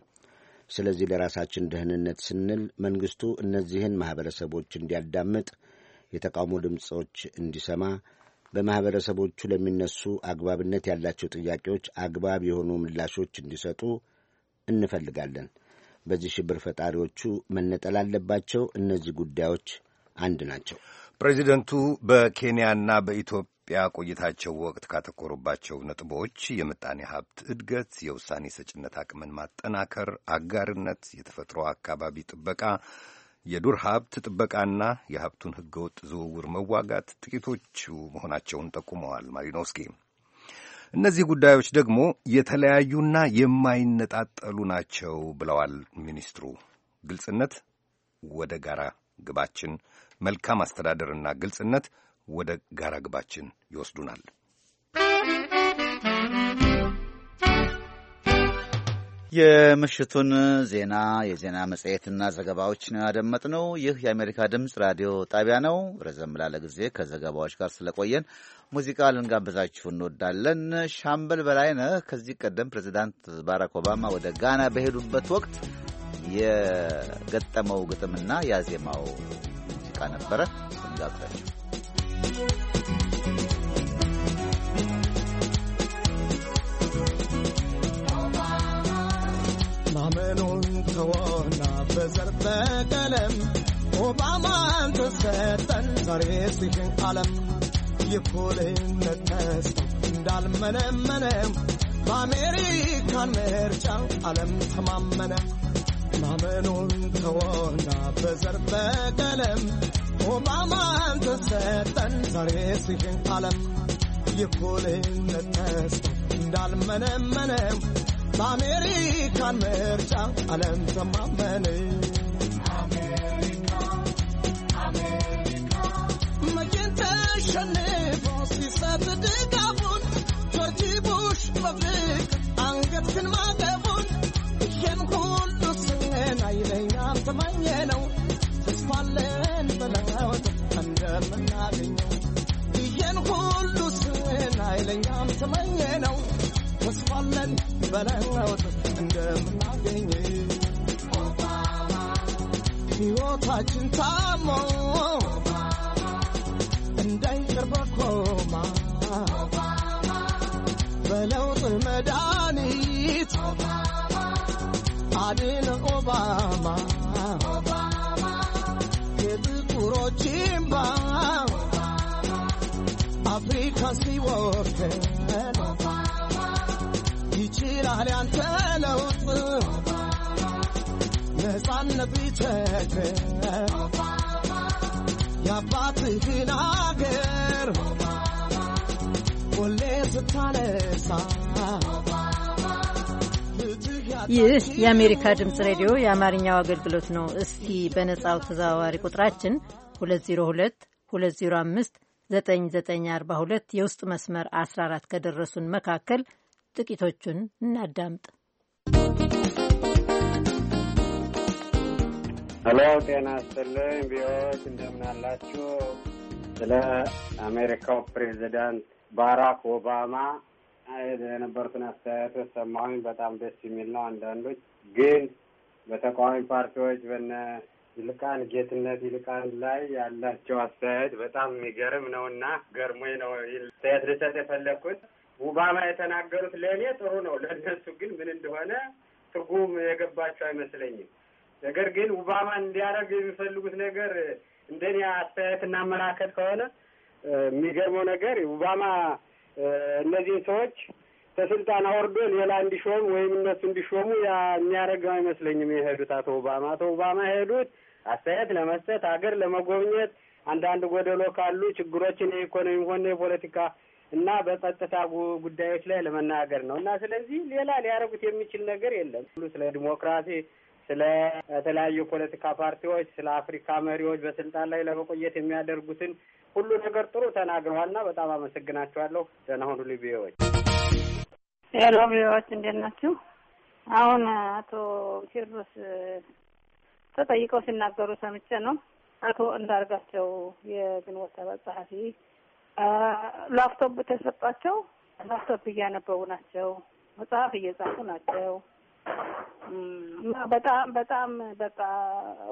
ስለዚህ ለራሳችን ደህንነት ስንል መንግሥቱ እነዚህን ማኅበረሰቦች እንዲያዳምጥ፣ የተቃውሞ ድምፆች እንዲሰማ፣ በማኅበረሰቦቹ ለሚነሱ አግባብነት ያላቸው ጥያቄዎች አግባብ የሆኑ ምላሾች እንዲሰጡ እንፈልጋለን። በዚህ ሽብር ፈጣሪዎቹ መነጠል አለባቸው። እነዚህ ጉዳዮች አንድ ናቸው። ፕሬዚደንቱ በኬንያና በኢትዮጵያ በኢትዮጵያ ቆይታቸው ወቅት ካተኮሩባቸው ነጥቦች የምጣኔ ሀብት እድገት፣ የውሳኔ ሰጭነት አቅምን ማጠናከር፣ አጋርነት፣ የተፈጥሮ አካባቢ ጥበቃ፣ የዱር ሀብት ጥበቃና የሀብቱን ህገወጥ ዝውውር መዋጋት ጥቂቶቹ መሆናቸውን ጠቁመዋል ማሊኖስኪ። እነዚህ ጉዳዮች ደግሞ የተለያዩና የማይነጣጠሉ ናቸው ብለዋል ሚኒስትሩ። ግልጽነት ወደ ጋራ ግባችን መልካም አስተዳደርና ግልጽነት ወደ ጋራ ግባችን ይወስዱናል። የምሽቱን ዜና የዜና መጽሔትና ዘገባዎች ነው ያደመጥነው። ይህ የአሜሪካ ድምፅ ራዲዮ ጣቢያ ነው። ረዘም ላለ ጊዜ ከዘገባዎች ጋር ስለቆየን ሙዚቃ ልንጋብዛችሁ እንወዳለን። ሻምበል በላይነህ ከዚህ ቀደም ፕሬዚዳንት ባራክ ኦባማ ወደ ጋና በሄዱበት ወቅት የገጠመው ግጥምና ያዜማው ሙዚቃ ነበረ። እንጋብዛችሁ ማመኑን ተወና በዘር በቀለም ኦባማን ተሰጠን ዛሬ ሲህን ዓለም የእኩልነት ተስፋ እንዳልመነመነም በአሜሪካን ምርጫ ዓለም ተማመነ። ማመኑን ተወና በዘር በቀለም ኦባማ አንተ ሰጠን ዛሬ ሲሽን ዓለም የኮሌነት ተስፋ በአሜሪካን ምርጫ ዓለም ተማመነ። መቼም ድጋፉን ጆርጅ ቡሽ በለውጥ እንደምናገኝ ሕይወታችን ታሞ እንዳይቀር በኮማ በለውጥ መድኃኒት አድነ ኦባማ የጥቁሮች እምባ አፍሪካ ሲወከል ይችላል ያንተ ለውጥ ነፃነት ቢቸክ የአባትህን አገር ሁሌ ስታነሳ ይህ የአሜሪካ ድምፅ ሬዲዮ የአማርኛው አገልግሎት ነው። እስቲ በነጻው ተዘዋዋሪ ቁጥራችን 202 205 9942 የውስጥ መስመር 14 ከደረሱን መካከል ጥቂቶቹን እናዳምጥ። ሄሎ፣ ጤና ይስጥልኝ ቢዎች እንደምን አላችሁ? ስለ አሜሪካው ፕሬዚዳንት ባራክ ኦባማ የነበሩትን አስተያየቶች ሰማሁኝ። በጣም ደስ የሚል ነው። አንዳንዶች ግን በተቃዋሚ ፓርቲዎች በነ ይልቃን ጌትነት ይልቃን ላይ ያላቸው አስተያየት በጣም የሚገርም ነው እና ገርሞኝ ነው አስተያየት ልሰጥ የፈለግኩት ኦባማ የተናገሩት ለእኔ ጥሩ ነው። ለእነሱ ግን ምን እንደሆነ ትርጉም የገባቸው አይመስለኝም። ነገር ግን ኦባማ እንዲያደርግ የሚፈልጉት ነገር እንደኔ አስተያየትና አመላከት ከሆነ የሚገርመው ነገር ኦባማ እነዚህን ሰዎች ከስልጣን አወርዶ ሌላ እንዲሾሙ ወይም እነሱ እንዲሾሙ የሚያደርገው አይመስለኝም የሄዱት አቶ ኦባማ። አቶ ኦባማ የሄዱት አስተያየት ለመስጠት፣ ሀገር ለመጎብኘት፣ አንዳንድ ጎደሎ ካሉ ችግሮችን የኢኮኖሚ ሆነ የፖለቲካ እና በጸጥታ ጉዳዮች ላይ ለመናገር ነው እና ስለዚህ ሌላ ሊያደርጉት የሚችል ነገር የለም። ሁሉ ስለ ዲሞክራሲ፣ ስለ ተለያዩ ፖለቲካ ፓርቲዎች፣ ስለ አፍሪካ መሪዎች በስልጣን ላይ ለመቆየት የሚያደርጉትን ሁሉ ነገር ጥሩ ተናግረዋል እና በጣም አመሰግናቸዋለሁ። ደህና ሁኑ ሊቢዎች። ሄሎ እንዴት ናችሁ? አሁን አቶ ቴዎድሮስ ተጠይቀው ሲናገሩ ሰምቼ ነው። አቶ እንዳርጋቸው የግንቦት ሰባት ጸሐፊ ላፕቶፕ ተሰጧቸው። ላፕቶፕ እያነበቡ ናቸው። መጽሐፍ እየጻፉ ናቸው። እና በጣም በጣም በቃ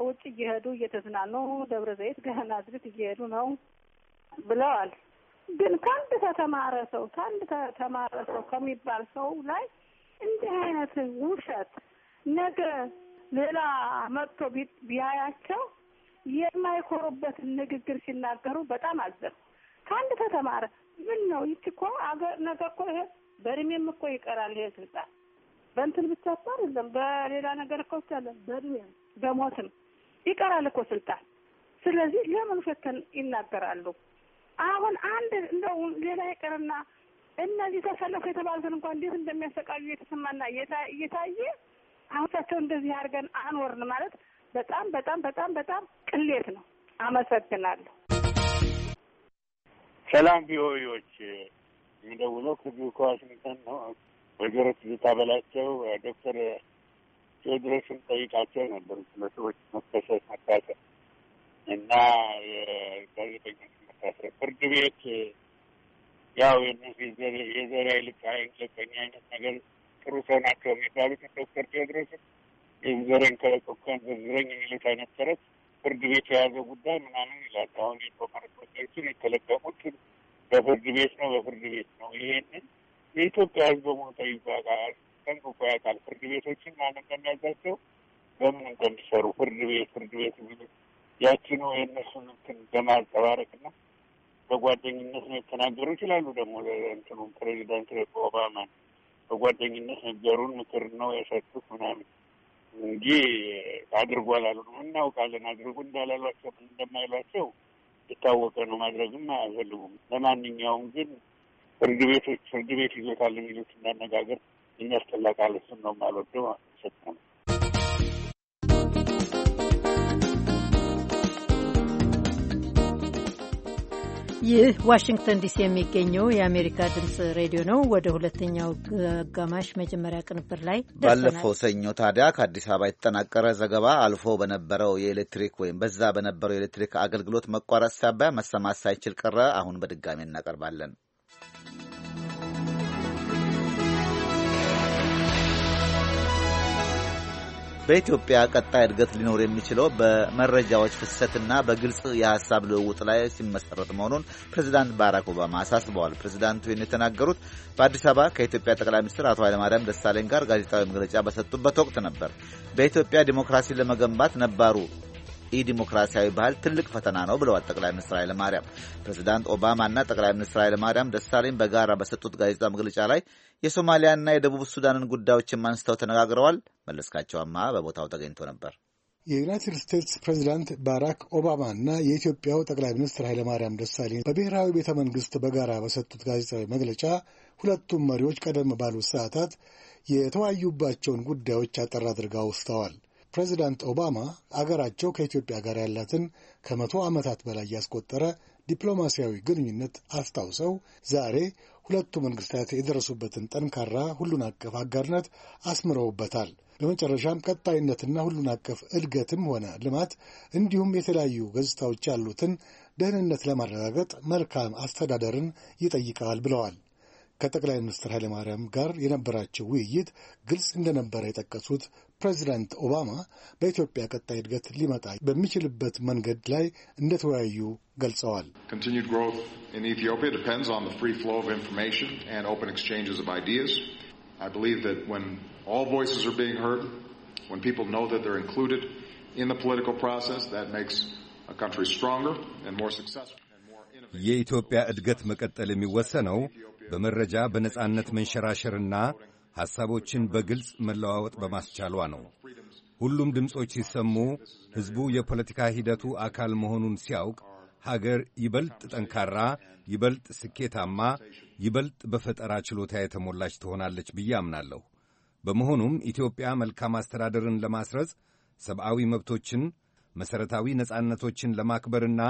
ውጭ እየሄዱ እየተዝናኑ ደብረ ዘይት ገህና ድርት እየሄዱ ነው ብለዋል። ግን ከአንድ ከተማረ ሰው ከአንድ ከተማረ ሰው ከሚባል ሰው ላይ እንዲህ አይነት ውሸት ነገ ሌላ መጥቶ ቢያያቸው የማይኮሩበትን ንግግር ሲናገሩ በጣም አዘን ከአንድ ተተማረ ምን ነው? ይቺ እኮ አገር ነገር እኮ ይሄ በእድሜም እኮ ይቀራል። ይሄ ስልጣን በእንትን ብቻ እኮ አይደለም፣ በሌላ ነገር እኮ ብቻ አለን በእድሜም በሞትም ይቀራል እኮ ስልጣን። ስለዚህ ለምን ፈተን ይናገራሉ? አሁን አንድ እንደው ሌላ ይቀርና እነዚህ ተሰለፉ የተባሉትን እንኳን እንዴት እንደሚያሰቃዩ እየተሰማና እየታየ አሁንሳቸው እንደዚህ አድርገን አኖርን ማለት በጣም በጣም በጣም በጣም ቅሌት ነው። አመሰግናለሁ። ሰላም ቪኦኤዎች የሚደውለው ከዚሁ ከዋሽንግተን ነው። ወይዘሮ ትዝታ በላቸው ዶክተር ቴዎድሮስን ጠይቃቸው ነበር ስለ ሰዎች መከሰስ መታሰር እና የጋዜጠኞች መታሰር ፍርድ ቤት ያው የዘራ ልቃ ለቀኝ አይነት ነገር ጥሩ ሰው ናቸው የሚባሉት ዶክተር ቴዎድሮስን የዘረን ከለቆካን ዘዝረኝ የሚሉት አይነት ተረት ፍርድ ቤት የያዘ ጉዳይ ምናምን ይላል። አሁን ኢንፎርመርኮቻችን የተለቀቁት በፍርድ ቤት ነው በፍርድ ቤት ነው። ይሄንን የኢትዮጵያ ሕዝብ በሙሉ ተይዟል ጠንቅቆ ያውቃል። ፍርድ ቤቶችን ማን እንደሚያዛቸው በምን እንደሚሰሩ ፍርድ ቤት ፍርድ ቤት ብሉ ያችኑ የእነሱን እንትን በማንጸባረቅ እና በጓደኝነት ነው የተናገሩ ይችላሉ። ደግሞ ለእንትኑ ፕሬዚዳንት ኦባማን በጓደኝነት ነገሩን ምክር ነው የሰጡት ምናምን እንጂ አድርጎ አላሉንም። እናውቃለን አድርጉ እንዳላሏቸው እንደማይሏቸው የታወቀ ነው። ማድረግም አይፈልጉም። ለማንኛውም ግን ፍርድ ቤቶች ፍርድ ቤት ይዞታል የሚሉት እንዳነጋገር የሚያስጠላ ቃል እሱን ነው የማልወደው። ሰጥነ ይህ ዋሽንግተን ዲሲ የሚገኘው የአሜሪካ ድምፅ ሬዲዮ ነው። ወደ ሁለተኛው አጋማሽ መጀመሪያ ቅንብር ላይ ባለፈው ሰኞ ታዲያ ከአዲስ አበባ የተጠናቀረ ዘገባ አልፎ በነበረው የኤሌክትሪክ ወይም በዛ በነበረው የኤሌክትሪክ አገልግሎት መቋረጥ ሳቢያ መሰማት ሳይችል ቀረ። አሁን በድጋሚ እናቀርባለን። በኢትዮጵያ ቀጣይ እድገት ሊኖር የሚችለው በመረጃዎች ፍሰትና በግልጽ የሀሳብ ልውውጥ ላይ ሲመሰረት መሆኑን ፕሬዚዳንት ባራክ ኦባማ አሳስበዋል። ፕሬዚዳንቱ ይህን የተናገሩት በአዲስ አበባ ከኢትዮጵያ ጠቅላይ ሚኒስትር አቶ ኃይለማርያም ደሳለኝ ጋር ጋዜጣዊ መግለጫ በሰጡበት ወቅት ነበር። በኢትዮጵያ ዲሞክራሲን ለመገንባት ነባሩ ኢዲሞክራሲያዊ ባህል ትልቅ ፈተና ነው ብለዋል ጠቅላይ ሚኒስትር ኃይለማርያም። ፕሬዚዳንት ኦባማና ጠቅላይ ሚኒስትር ኃይለማርያም ደሳለኝ በጋራ በሰጡት ጋዜጣ መግለጫ ላይ የሶማሊያና የደቡብ ሱዳንን ጉዳዮችን አንስተው ተነጋግረዋል። መለስካቸው አማ በቦታው ተገኝቶ ነበር። የዩናይትድ ስቴትስ ፕሬዚዳንት ባራክ ኦባማ እና የኢትዮጵያው ጠቅላይ ሚኒስትር ኃይለማርያም ደሳለኝ በብሔራዊ ቤተ መንግስት በጋራ በሰጡት ጋዜጣዊ መግለጫ ሁለቱም መሪዎች ቀደም ባሉት ሰዓታት የተወያዩባቸውን ጉዳዮች አጠር አድርገው አውስተዋል። ፕሬዚዳንት ኦባማ አገራቸው ከኢትዮጵያ ጋር ያላትን ከመቶ ዓመታት በላይ ያስቆጠረ ዲፕሎማሲያዊ ግንኙነት አስታውሰው ዛሬ ሁለቱ መንግስታት የደረሱበትን ጠንካራ ሁሉን አቀፍ አጋርነት አስምረውበታል። በመጨረሻም ቀጣይነትና ሁሉን አቀፍ እድገትም ሆነ ልማት እንዲሁም የተለያዩ ገጽታዎች ያሉትን ደህንነት ለማረጋገጥ መልካም አስተዳደርን ይጠይቃል ብለዋል። ከጠቅላይ ሚኒስትር ኃይለማርያም ጋር የነበራቸው ውይይት ግልጽ እንደነበረ የጠቀሱት ፕሬዚዳንት ኦባማ በኢትዮጵያ ቀጣይ እድገት ሊመጣ በሚችልበት መንገድ ላይ እንደተወያዩ ገልጸዋል። የኢትዮጵያ እድገት መቀጠል የሚወሰነው በመረጃ በነጻነት መንሸራሸርና ሐሳቦችን በግልጽ መለዋወጥ በማስቻሏ ነው። ሁሉም ድምፆች ሲሰሙ፣ ሕዝቡ የፖለቲካ ሂደቱ አካል መሆኑን ሲያውቅ ሀገር ይበልጥ ጠንካራ፣ ይበልጥ ስኬታማ፣ ይበልጥ በፈጠራ ችሎታ የተሞላች ትሆናለች ብዬ አምናለሁ። በመሆኑም ኢትዮጵያ መልካም አስተዳደርን ለማስረጽ ሰብአዊ መብቶችን፣ መሠረታዊ ነጻነቶችን ለማክበርና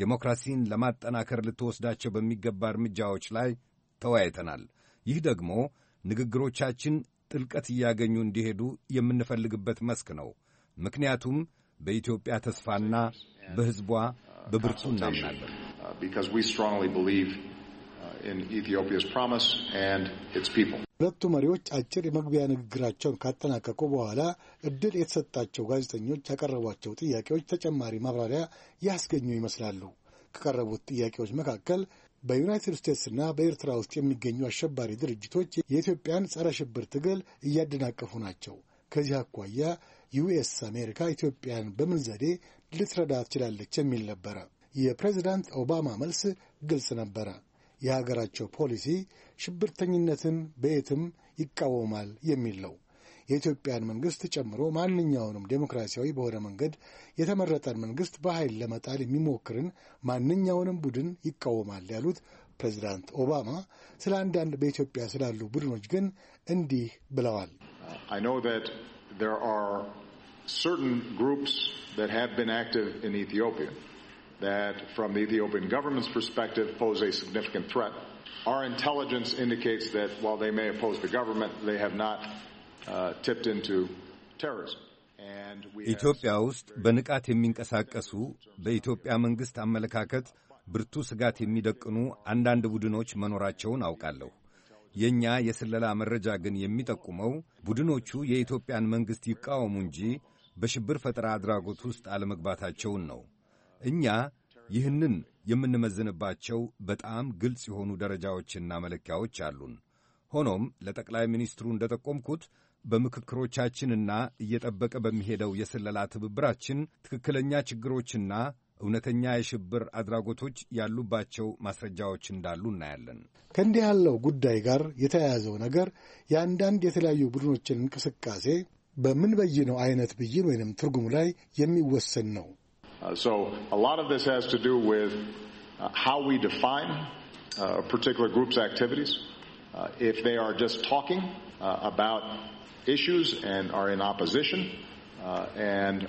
ዴሞክራሲን ለማጠናከር ልትወስዳቸው በሚገባ እርምጃዎች ላይ ተወያይተናል። ይህ ደግሞ ንግግሮቻችን ጥልቀት እያገኙ እንዲሄዱ የምንፈልግበት መስክ ነው። ምክንያቱም በኢትዮጵያ ተስፋና በሕዝቧ በብርቱ እናምናለን። uh, ሁለቱ መሪዎች አጭር የመግቢያ ንግግራቸውን ካጠናቀቁ በኋላ እድል የተሰጣቸው ጋዜጠኞች ያቀረቧቸው ጥያቄዎች ተጨማሪ ማብራሪያ ያስገኙ ይመስላሉ። ከቀረቡት ጥያቄዎች መካከል በዩናይትድ ስቴትስና በኤርትራ ውስጥ የሚገኙ አሸባሪ ድርጅቶች የኢትዮጵያን ጸረ ሽብር ትግል እያደናቀፉ ናቸው። ከዚህ አኳያ ዩኤስ አሜሪካ ኢትዮጵያን በምን ዘዴ ልትረዳ ትችላለች የሚል ነበረ። የፕሬዚዳንት ኦባማ መልስ ግልጽ ነበረ። የሀገራቸው ፖሊሲ ሽብርተኝነትን በየትም ይቃወማል የሚል ነው። የኢትዮጵያን መንግስት ጨምሮ ማንኛውንም ዴሞክራሲያዊ በሆነ መንገድ የተመረጠን መንግስት በኃይል ለመጣል የሚሞክርን ማንኛውንም ቡድን ይቃወማል ያሉት ፕሬዚዳንት ኦባማ ስለ አንዳንድ በኢትዮጵያ ስላሉ ቡድኖች ግን እንዲህ ብለዋል። ኢትዮጵያ ውስጥ በንቃት የሚንቀሳቀሱ በኢትዮጵያ መንግሥት አመለካከት ብርቱ ስጋት የሚደቅኑ አንዳንድ ቡድኖች መኖራቸውን አውቃለሁ። የእኛ የስለላ መረጃ ግን የሚጠቁመው ቡድኖቹ የኢትዮጵያን መንግሥት ይቃወሙ እንጂ በሽብር ፈጠራ አድራጎት ውስጥ አለመግባታቸውን ነው። እኛ ይህንን የምንመዝንባቸው በጣም ግልጽ የሆኑ ደረጃዎችና መለኪያዎች አሉን። ሆኖም ለጠቅላይ ሚኒስትሩ እንደጠቆምኩት በምክክሮቻችንና እየጠበቀ በሚሄደው የስለላ ትብብራችን ትክክለኛ ችግሮችና እውነተኛ የሽብር አድራጎቶች ያሉባቸው ማስረጃዎች እንዳሉ እናያለን። ከእንዲህ ያለው ጉዳይ ጋር የተያያዘው ነገር የአንዳንድ የተለያዩ ቡድኖችን እንቅስቃሴ በምን በምንበይነው አይነት ብይን ወይንም ትርጉሙ ላይ የሚወሰን ነው። አባውት uh, issues and are in opposition uh, and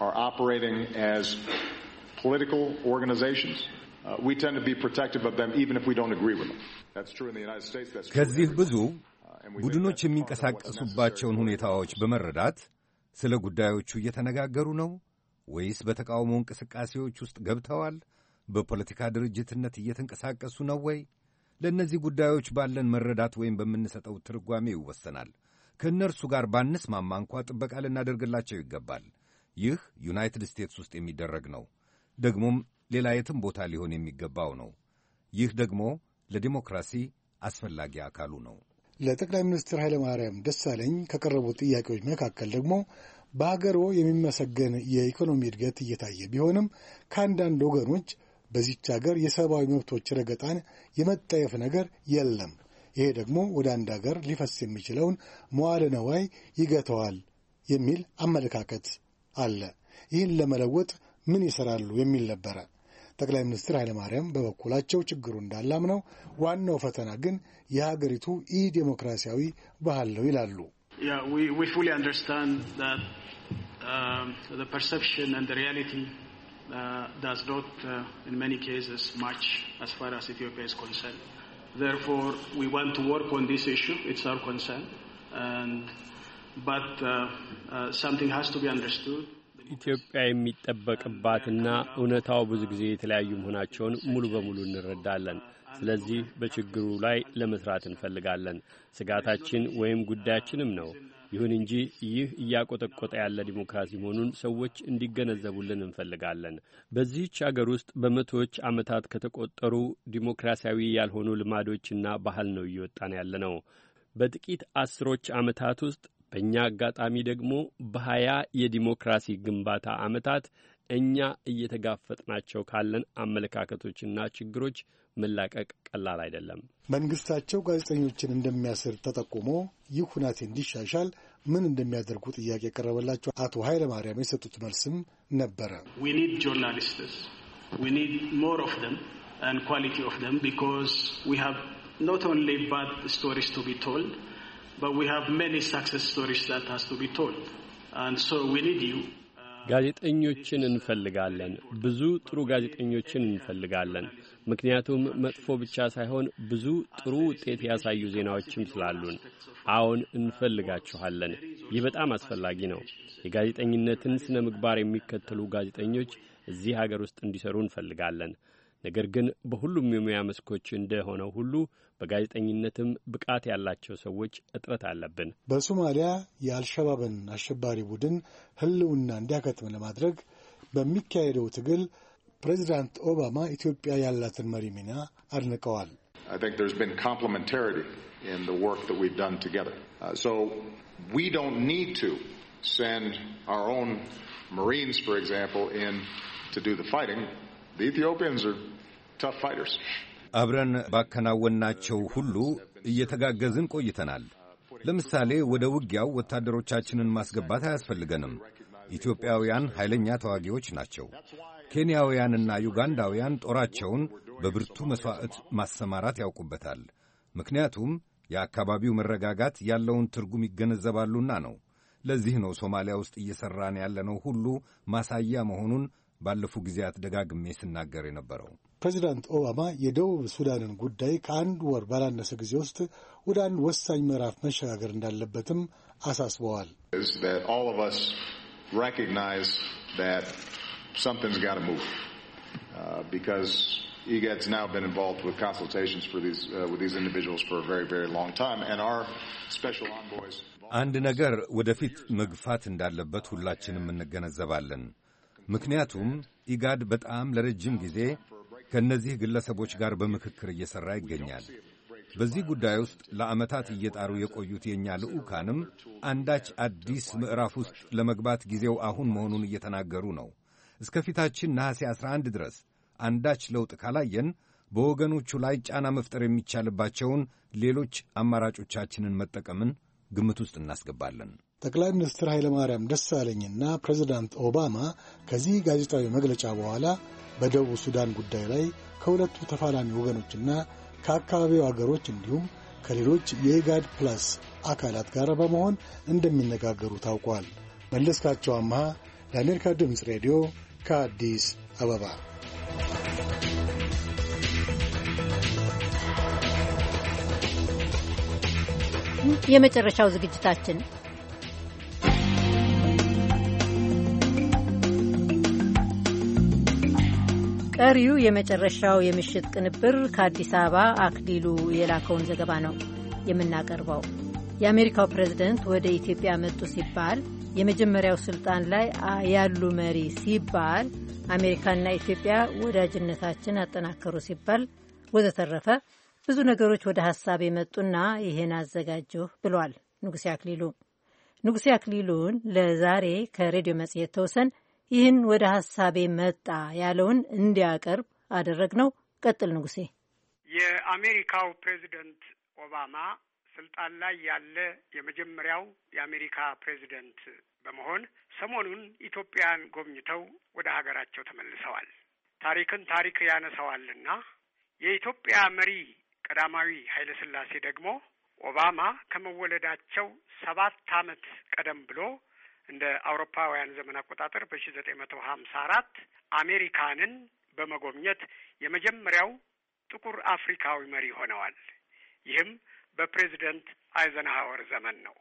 are operating as political organizations. Uh, we tend to be protective of them even if we don't agree with them. That's true in the United States. That's true ከዚህ ብዙ ቡድኖች የሚንቀሳቀሱባቸውን ሁኔታዎች በመረዳት ስለ ጉዳዮቹ እየተነጋገሩ ነው ወይስ በተቃውሞ እንቅስቃሴዎች ውስጥ ገብተዋል? በፖለቲካ ድርጅትነት እየተንቀሳቀሱ ነው ወይ? ለእነዚህ ጉዳዮች ባለን መረዳት ወይም በምንሰጠው ትርጓሜ ይወሰናል። ከእነርሱ ጋር ባንስማማ እንኳ ጥበቃ ልናደርግላቸው ይገባል። ይህ ዩናይትድ ስቴትስ ውስጥ የሚደረግ ነው፣ ደግሞም ሌላ የትም ቦታ ሊሆን የሚገባው ነው። ይህ ደግሞ ለዲሞክራሲ አስፈላጊ አካሉ ነው። ለጠቅላይ ሚኒስትር ኃይለማርያም ደሳለኝ ከቀረቡት ጥያቄዎች መካከል ደግሞ በሀገሮ የሚመሰገን የኢኮኖሚ እድገት እየታየ ቢሆንም ከአንዳንድ ወገኖች በዚች ሀገር የሰብአዊ መብቶች ረገጣን የመጠየፍ ነገር የለም ይሄ ደግሞ ወደ አንድ አገር ሊፈስ የሚችለውን መዋለ ነዋይ ይገተዋል የሚል አመለካከት አለ። ይህን ለመለወጥ ምን ይሰራሉ የሚል ነበረ። ጠቅላይ ሚኒስትር ኃይለማርያም በበኩላቸው ችግሩ እንዳላምነው፣ ዋናው ፈተና ግን የሀገሪቱ ኢ ዴሞክራሲያዊ ባህል ነው ይላሉ። ሪቲ Therefore, we want to work on this issue. It's our concern. And, but uh, uh, something has to be understood. ኢትዮጵያ የሚጠበቅባትና እውነታው ብዙ ጊዜ የተለያዩ መሆናቸውን ሙሉ በሙሉ እንረዳለን። ስለዚህ በችግሩ ላይ ለመስራት እንፈልጋለን። ስጋታችን ወይም ጉዳያችንም ነው። ይሁን እንጂ ይህ እያቆጠቆጠ ያለ ዲሞክራሲ መሆኑን ሰዎች እንዲገነዘቡልን እንፈልጋለን። በዚህች አገር ውስጥ በመቶዎች ዓመታት ከተቆጠሩ ዲሞክራሲያዊ ያልሆኑ ልማዶችና ባህል ነው እየወጣን ያለ ነው። በጥቂት አስሮች ዓመታት ውስጥ በእኛ አጋጣሚ ደግሞ በሀያ የዲሞክራሲ ግንባታ ዓመታት እኛ እየተጋፈጥናቸው ካለን አመለካከቶችና ችግሮች መላቀቅ ቀላል አይደለም። መንግስታቸው ጋዜጠኞችን እንደሚያስር ተጠቁሞ ይህ ሁናቴ እንዲሻሻል ምን እንደሚያደርጉ ጥያቄ የቀረበላቸው አቶ ኃይለ ማርያም የሰጡት መልስም ነበረ። ጆርናሊስትስ ጋዜጠኞችን እንፈልጋለን። ብዙ ጥሩ ጋዜጠኞችን እንፈልጋለን። ምክንያቱም መጥፎ ብቻ ሳይሆን ብዙ ጥሩ ውጤት ያሳዩ ዜናዎችም ስላሉን፣ አዎን እንፈልጋችኋለን። ይህ በጣም አስፈላጊ ነው። የጋዜጠኝነትን ስነ ምግባር የሚከተሉ ጋዜጠኞች እዚህ ሀገር ውስጥ እንዲሰሩ እንፈልጋለን። ነገር ግን በሁሉም የሙያ መስኮች እንደሆነው ሁሉ በጋዜጠኝነትም ብቃት ያላቸው ሰዎች እጥረት አለብን። በሶማሊያ የአልሸባብን አሸባሪ ቡድን ህልውና እንዲያከትም ለማድረግ በሚካሄደው ትግል ፕሬዚዳንት ኦባማ ኢትዮጵያ ያላትን መሪ ሚና አድንቀዋል። ሪንስ The Ethiopians are tough fighters. አብረን ባከናወናቸው ሁሉ እየተጋገዝን ቆይተናል። ለምሳሌ ወደ ውጊያው ወታደሮቻችንን ማስገባት አያስፈልገንም። ኢትዮጵያውያን ኃይለኛ ተዋጊዎች ናቸው። ኬንያውያንና ዩጋንዳውያን ጦራቸውን በብርቱ መሥዋዕት ማሰማራት ያውቁበታል። ምክንያቱም የአካባቢው መረጋጋት ያለውን ትርጉም ይገነዘባሉና ነው። ለዚህ ነው ሶማሊያ ውስጥ እየሠራን ያለነው ሁሉ ማሳያ መሆኑን ባለፉ ጊዜያት ደጋግሜ ስናገር የነበረው። ፕሬዚዳንት ኦባማ የደቡብ ሱዳንን ጉዳይ ከአንድ ወር ባላነሰ ጊዜ ውስጥ ወደ አንድ ወሳኝ ምዕራፍ መሸጋገር እንዳለበትም አሳስበዋል። IGAD's uh, now been involved with consultations for these, uh, with these individuals for a very, very long time, and our special envoys... አንድ ነገር ወደፊት መግፋት እንዳለበት ሁላችንም እንገነዘባለን። ምክንያቱም ኢጋድ በጣም ለረጅም ጊዜ ከእነዚህ ግለሰቦች ጋር በምክክር እየሠራ ይገኛል። በዚህ ጉዳይ ውስጥ ለዓመታት እየጣሩ የቆዩት የእኛ ልዑካንም አንዳች አዲስ ምዕራፍ ውስጥ ለመግባት ጊዜው አሁን መሆኑን እየተናገሩ ነው። እስከ ፊታችን ነሐሴ 11 ድረስ አንዳች ለውጥ ካላየን በወገኖቹ ላይ ጫና መፍጠር የሚቻልባቸውን ሌሎች አማራጮቻችንን መጠቀምን ግምት ውስጥ እናስገባለን። ጠቅላይ ሚኒስትር ኃይለማርያም ደሳለኝና ፕሬዚዳንት ኦባማ ከዚህ ጋዜጣዊ መግለጫ በኋላ በደቡብ ሱዳን ጉዳይ ላይ ከሁለቱ ተፋላሚ ወገኖችና ከአካባቢው አገሮች እንዲሁም ከሌሎች የኢጋድ ፕላስ አካላት ጋር በመሆን እንደሚነጋገሩ ታውቋል። መለስካቸው አመሃ ለአሜሪካ ድምፅ ሬዲዮ ከአዲስ አበባ የመጨረሻው ዝግጅታችን ቀሪው የመጨረሻው የምሽት ቅንብር ከአዲስ አበባ አክሊሉ የላከውን ዘገባ ነው የምናቀርበው። የአሜሪካው ፕሬዝደንት ወደ ኢትዮጵያ መጡ ሲባል የመጀመሪያው ስልጣን ላይ ያሉ መሪ ሲባል አሜሪካና ኢትዮጵያ ወዳጅነታችን አጠናከሩ ሲባል ወዘተረፈ ብዙ ነገሮች ወደ ሀሳብ የመጡና ይሄን አዘጋጀሁ ብሏል ንጉሴ አክሊሉ። ንጉሴ አክሊሉን ለዛሬ ከሬዲዮ መጽሔት ተውሰን ይህን ወደ ሀሳቤ መጣ ያለውን እንዲያቀርብ አደረግ ነው። ቀጥል ንጉሴ። የአሜሪካው ፕሬዚደንት ኦባማ ስልጣን ላይ ያለ የመጀመሪያው የአሜሪካ ፕሬዚደንት በመሆን ሰሞኑን ኢትዮጵያን ጎብኝተው ወደ ሀገራቸው ተመልሰዋል። ታሪክን ታሪክ ያነሰዋልና የኢትዮጵያ መሪ ቀዳማዊ ኃይለ ሥላሴ ደግሞ ኦባማ ከመወለዳቸው ሰባት ዓመት ቀደም ብሎ እንደ አውሮፓውያን ዘመን አቆጣጠር በሺ ዘጠኝ መቶ ሀምሳ አራት አሜሪካንን በመጎብኘት የመጀመሪያው ጥቁር አፍሪካዊ መሪ ሆነዋል። ይህም በፕሬዚደንት አይዘንሃወር ዘመን ነው።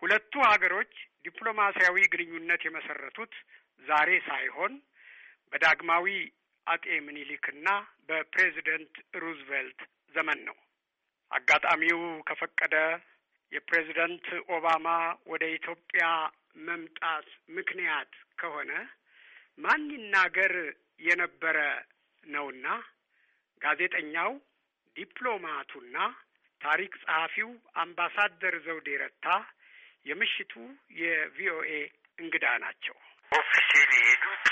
ሁለቱ ሀገሮች ዲፕሎማሲያዊ ግንኙነት የመሰረቱት ዛሬ ሳይሆን በዳግማዊ አጤ ምኒልክና በፕሬዚደንት ሩዝቬልት ዘመን ነው። አጋጣሚው ከፈቀደ የፕሬዚደንት ኦባማ ወደ ኢትዮጵያ መምጣት ምክንያት ከሆነ ማን ይናገር የነበረ ነውና ጋዜጠኛው፣ ዲፕሎማቱና ታሪክ ጸሐፊው አምባሳደር ዘውዴ ረታ የምሽቱ የቪኦኤ እንግዳ ናቸው። ኦፊሴል የሄዱት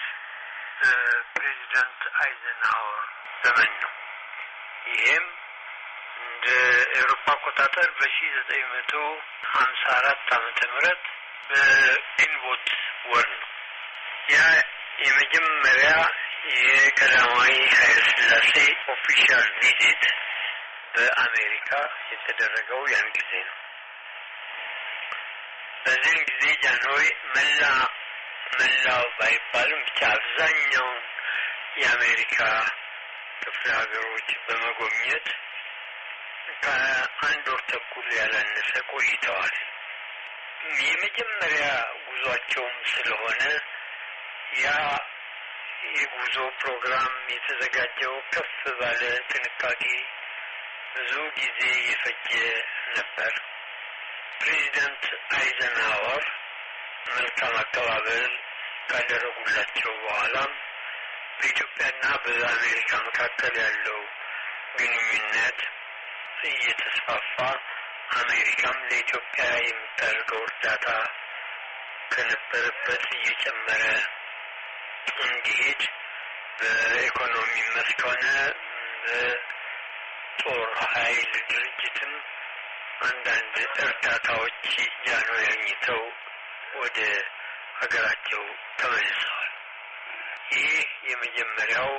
ፕሬዚዳንት አይዘንሃወር ዘመን ነው። ይሄም እንደ ኤውሮፓ አቆጣጠር በሺ ዘጠኝ መቶ ሀምሳ አራት አመተ ምህረት በግንቦት ወር ነው። ያ የመጀመሪያ የቀዳማዊ ኃይለ ሥላሴ ኦፊሻል ቪዚት በአሜሪካ የተደረገው ያን ጊዜ ነው። በዚህን ጊዜ ጃንሆይ መላ መላው ባይባልም ብቻ አብዛኛውን የአሜሪካ ክፍለ ሀገሮች በመጎብኘት ከአንድ ወር ተኩል ያላነሰ ቆይተዋል። የመጀመሪያ ጉዟቸውም ስለሆነ ያ የጉዞ ፕሮግራም የተዘጋጀው ከፍ ባለ ጥንቃቄ ብዙ ጊዜ የፈጀ ነበር። ፕሬዚዳንት አይዘንሃወር መልካም አቀባበል ካደረጉላቸው በኋላም በኢትዮጵያና በአሜሪካ መካከል ያለው ግንኙነት እየተስፋፋ አሜሪካም ለኢትዮጵያ የምታደርገው እርዳታ ከነበረበት እየጨመረ እንዲሄድ በኢኮኖሚ መስክ ሆነ በጦር ኃይል ድርጅትም አንዳንድ እርዳታዎች ጃኖ ያግኝተው ወደ ሀገራቸው ተመልሰዋል። ይህ የመጀመሪያው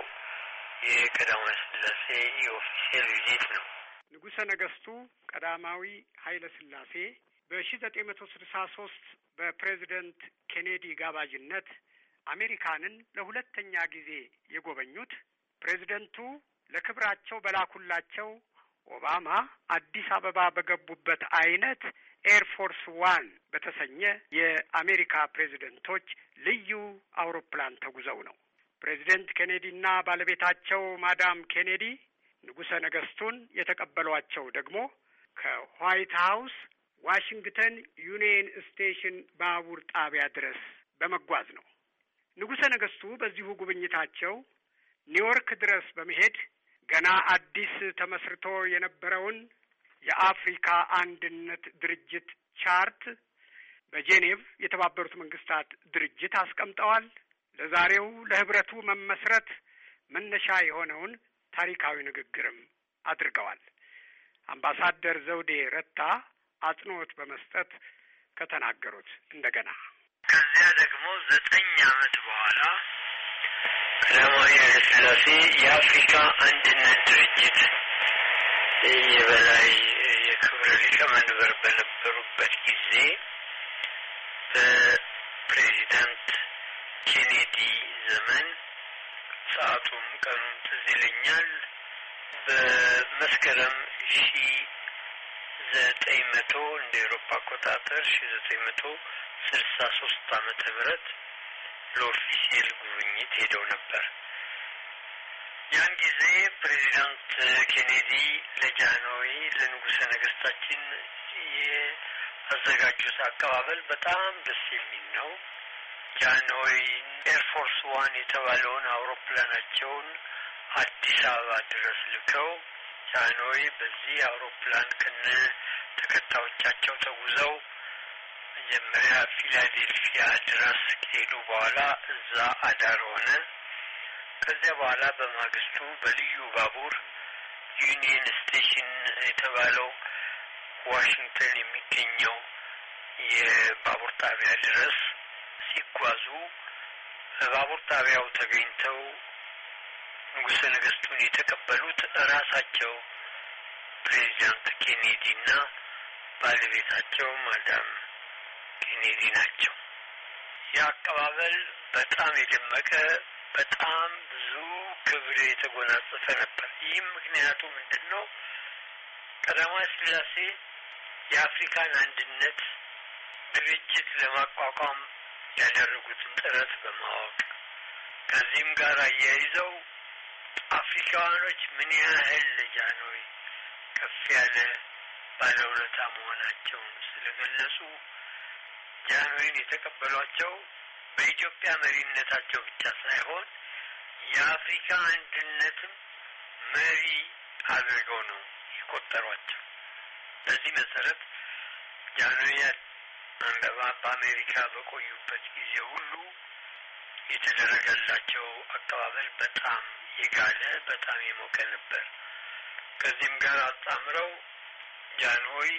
የቀዳማዊ ሥላሴ የኦፊሴል ቪዚት ነው። ንጉሠ ነገሥቱ ቀዳማዊ ኃይለ ሥላሴ በሺ ዘጠኝ መቶ ስልሳ ሶስት በፕሬዚደንት ኬኔዲ ጋባዥነት አሜሪካንን ለሁለተኛ ጊዜ የጎበኙት ፕሬዚደንቱ ለክብራቸው በላኩላቸው ኦባማ አዲስ አበባ በገቡበት አይነት ኤርፎርስ ዋን በተሰኘ የአሜሪካ ፕሬዚደንቶች ልዩ አውሮፕላን ተጉዘው ነው። ፕሬዚደንት ኬኔዲና ባለቤታቸው ማዳም ኬኔዲ ንጉሠ ነገሥቱን የተቀበሏቸው ደግሞ ከዋይት ሀውስ ዋሽንግተን ዩኒየን ስቴሽን ባቡር ጣቢያ ድረስ በመጓዝ ነው። ንጉሠ ነገሥቱ በዚሁ ጉብኝታቸው ኒውዮርክ ድረስ በመሄድ ገና አዲስ ተመስርቶ የነበረውን የአፍሪካ አንድነት ድርጅት ቻርት በጄኔቭ የተባበሩት መንግስታት ድርጅት አስቀምጠዋል። ለዛሬው ለህብረቱ መመስረት መነሻ የሆነውን ታሪካዊ ንግግርም አድርገዋል። አምባሳደር ዘውዴ ረታ አጽንኦት በመስጠት ከተናገሩት እንደገና ከዚያ ደግሞ ዘጠኝ ዓመት በኋላ ቀዳማዊ ኃይለ ሥላሴ የአፍሪካ አንድነት ድርጅት የበላይ የክብር ሊቀመንበር በነበሩበት ጊዜ በፕሬዚዳንት ኬኔዲ ዘመን ሰዓቱም ቀኑም ትዝ ይለኛል። በመስከረም ሺ ዘጠኝ መቶ እንደ ኤሮፓ አቆጣጠር ሺ ዘጠኝ መቶ ስልሳ ሶስት አመተ ምህረት ለኦፊሴል ጉብኝት ሄደው ነበር። ያን ጊዜ ፕሬዚዳንት ኬኔዲ ለጃንሆይ ለንጉሰ ነገስታችን የአዘጋጁት አቀባበል በጣም ደስ የሚል ነው። ጃንሆይ ኤርፎርስ ዋን የተባለውን አውሮፕላናቸውን አዲስ አበባ ድረስ ልከው ጃንሆይ በዚህ አውሮፕላን ከነ ተከታዮቻቸው ተጉዘው መጀመሪያ ፊላዴልፊያ ድረስ ከሄዱ በኋላ እዛ አዳር ሆነ። ከዚያ በኋላ በማግስቱ በልዩ ባቡር ዩኒየን ስቴሽን የተባለው ዋሽንግተን የሚገኘው የባቡር ጣቢያ ድረስ ሲጓዙ በባቡር ጣቢያው ተገኝተው ንጉሰ ነገስቱን የተቀበሉት ራሳቸው ፕሬዚዳንት እና ባለቤታቸው ማዳም ኬኔዲ ናቸው። የአቀባበል በጣም የደመቀ በጣም ብዙ ክብር የተጎናጸፈ ነበር። ይህም ምክንያቱ ምንድን ነው? ቀዳማዊ ስላሴ የአፍሪካን አንድነት ድርጅት ለማቋቋም ያደረጉትን ጥረት በማወቅ ከዚህም ጋር አያይዘው አፍሪካውያኖች ምን ያህል ጃንሆይ ከፍ ያለ ባለውለታ መሆናቸውን ስለገለጹ ጃንሆይን የተቀበሏቸው በኢትዮጵያ መሪነታቸው ብቻ ሳይሆን የአፍሪካ አንድነትም መሪ አድርገው ነው የቆጠሯቸው። በዚህ መሰረት ጃንሆይ እንደ በአሜሪካ በቆዩበት ጊዜ ሁሉ የተደረገላቸው አቀባበል በጣም የጋለ በጣም የሞቀ ነበር። ከዚህም ጋር አጣምረው ጃንሆይ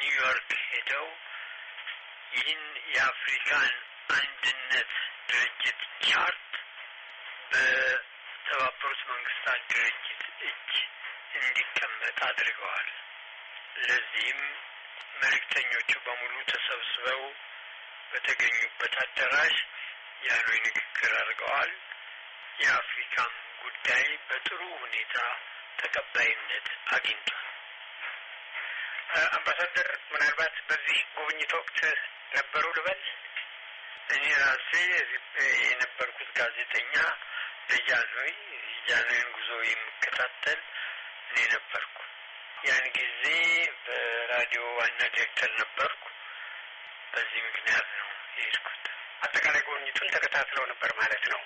ኒውዮርክ ሄደው ይህን የአፍሪካን አንድነት ድርጅት ቻርት በተባበሩት መንግስታት ድርጅት እጅ እንዲቀመጥ አድርገዋል። ለዚህም መልእክተኞቹ በሙሉ ተሰብስበው በተገኙበት አዳራሽ ያሉኝ ንግግር አድርገዋል። የአፍሪካም ጉዳይ በጥሩ ሁኔታ ተቀባይነት አግኝቷል። አምባሳደር፣ ምናልባት በዚህ ጉብኝት ወቅት ነበሩ ልበል? እኔ ራሴ የነበርኩት ጋዜጠኛ ደጃዝኖይ ጃኖይን ጉዞ የሚከታተል እኔ ነበርኩ። ያን ጊዜ ራዲዮ ዋና ዲሬክተር ነበርኩ። በዚህ ምክንያት ነው የሄድኩት። አጠቃላይ ጎብኝቱን ተከታትለው ነበር ማለት ነው።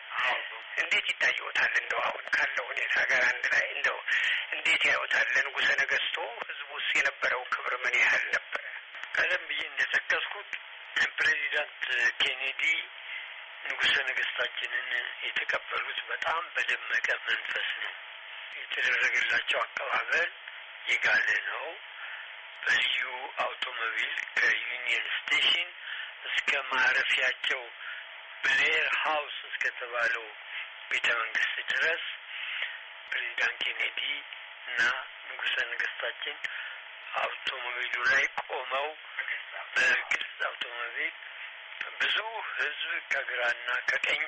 እንዴት ይታየዎታል? እንደው አሁን ካለው ሁኔታ ጋር አንድ ላይ እንደው እንዴት ያዩታል? ለንጉሰ ነገስቶ ህዝቡ ውስጥ የነበረው ክብር ምን ያህል ነበረ? ቀደም ብዬ እንደጠቀስኩት ፕሬዚዳንት ኬኔዲ ንጉሰ ነገስታችንን የተቀበሉት በጣም በደመቀ መንፈስ ነው። የተደረገላቸው አቀባበል የጋለ ነው። በልዩ አውቶሞቢል ከዩኒየን ስቴሽን እስከ ማረፊያቸው ብሌር ሀውስ እስከተባለው ቤተ መንግስት ድረስ ፕሬዚዳንት ኬኔዲ እና ንጉሰ ነገስታችን አውቶሞቢሉ ላይ ቆመው በግልጽ አውቶሞቢል ብዙ ህዝብ ከግራና ከቀኝ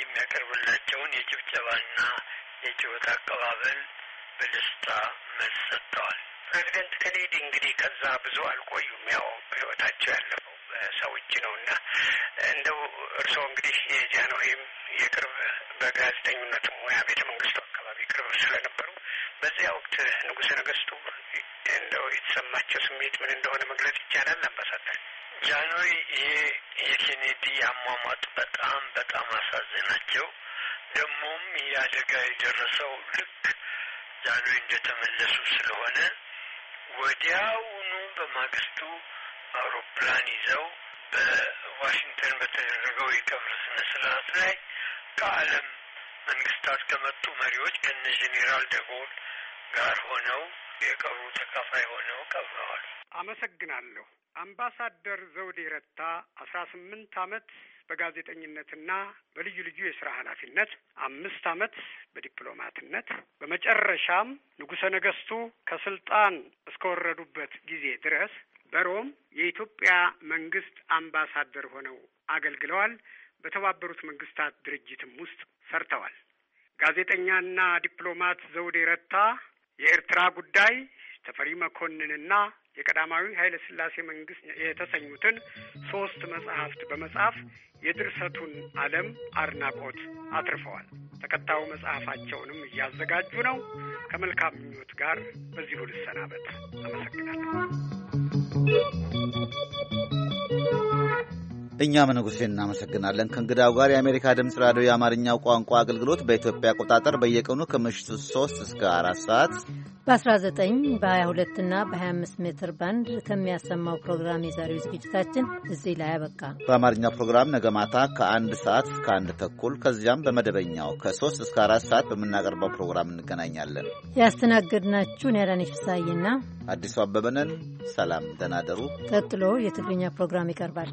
የሚያቀርብላቸውን የጭብጨባና የጭወት አቀባበል በደስታ መልስ ሰጥተዋል። ፕሬዚደንት ኬኔዲ እንግዲህ ከዛ ብዙ አልቆዩም። ያው ህይወታቸው ያለፈው በሰው እጅ ነው እና እንደው እርስዎ እንግዲህ የጃንሆይም የቅርብ በጋዜጠኝነት ሙያ ቤተ መንግስቱ አካባቢ ቅርብ ስለነበሩ በዚያ ወቅት ንጉሰ ነገስቱ እንደው የተሰማቸው ስሜት ምን እንደሆነ መግለጽ ይቻላል? አምባሳደር ጃንሆይ ይሄ የኬኔዲ አሟሟት በጣም በጣም አሳዘናቸው። ደግሞም ይህ አደጋ የደረሰው ልክ ጃንሆይ እንደተመለሱ ስለሆነ ወዲያውኑ በማግስቱ አውሮፕላን ይዘው በዋሽንግተን በተደረገው የቀብር ስነ ስርዓት ላይ ከዓለም መንግስታት ከመጡ መሪዎች ከነ ጄኔራል ደጎል ጋር ሆነው የቀብሩ ተካፋይ ሆነው ቀብረዋል። አመሰግናለሁ። አምባሳደር ዘውዴ ረታ አስራ ስምንት አመት በጋዜጠኝነትና በልዩ ልዩ የስራ ኃላፊነት አምስት አመት በዲፕሎማትነት በመጨረሻም ንጉሰ ነገስቱ ከስልጣን እስከወረዱበት ጊዜ ድረስ በሮም የኢትዮጵያ መንግስት አምባሳደር ሆነው አገልግለዋል። በተባበሩት መንግስታት ድርጅትም ውስጥ ሰርተዋል። ጋዜጠኛና ዲፕሎማት ዘውዴ ረታ የኤርትራ ጉዳይ ተፈሪ መኮንንና የቀዳማዊ ኃይለ ሥላሴ መንግስት የተሰኙትን ሦስት መጽሐፍት በመጻፍ የድርሰቱን ዓለም አድናቆት አትርፈዋል። ተከታዩ መጽሐፋቸውንም እያዘጋጁ ነው። ከመልካም ምኞት ጋር በዚሁ ልሰናበት። አመሰግናለሁ። እኛም ንጉሴ እናመሰግናለን። ከእንግዳው ጋር የአሜሪካ ድምፅ ራዲዮ የአማርኛው ቋንቋ አገልግሎት በኢትዮጵያ አቆጣጠር በየቀኑ ከምሽቱ 3 እስከ 4 ሰዓት በ19 በ22 እና በ25 ሜትር ባንድ ከሚያሰማው ፕሮግራም የዛሬው ዝግጅታችን እዚህ ላይ አበቃ። በአማርኛ ፕሮግራም ነገ ማታ ከአንድ ሰዓት እስከ አንድ ተኩል ከዚያም በመደበኛው ከ3 እስከ 4 ሰዓት በምናቀርበው ፕሮግራም እንገናኛለን። ያስተናገድናችሁ ኔዳነሽ ፍሳዬና አዲሱ አበበነን። ሰላም ደናደሩ። ቀጥሎ የትግርኛ ፕሮግራም ይቀርባል።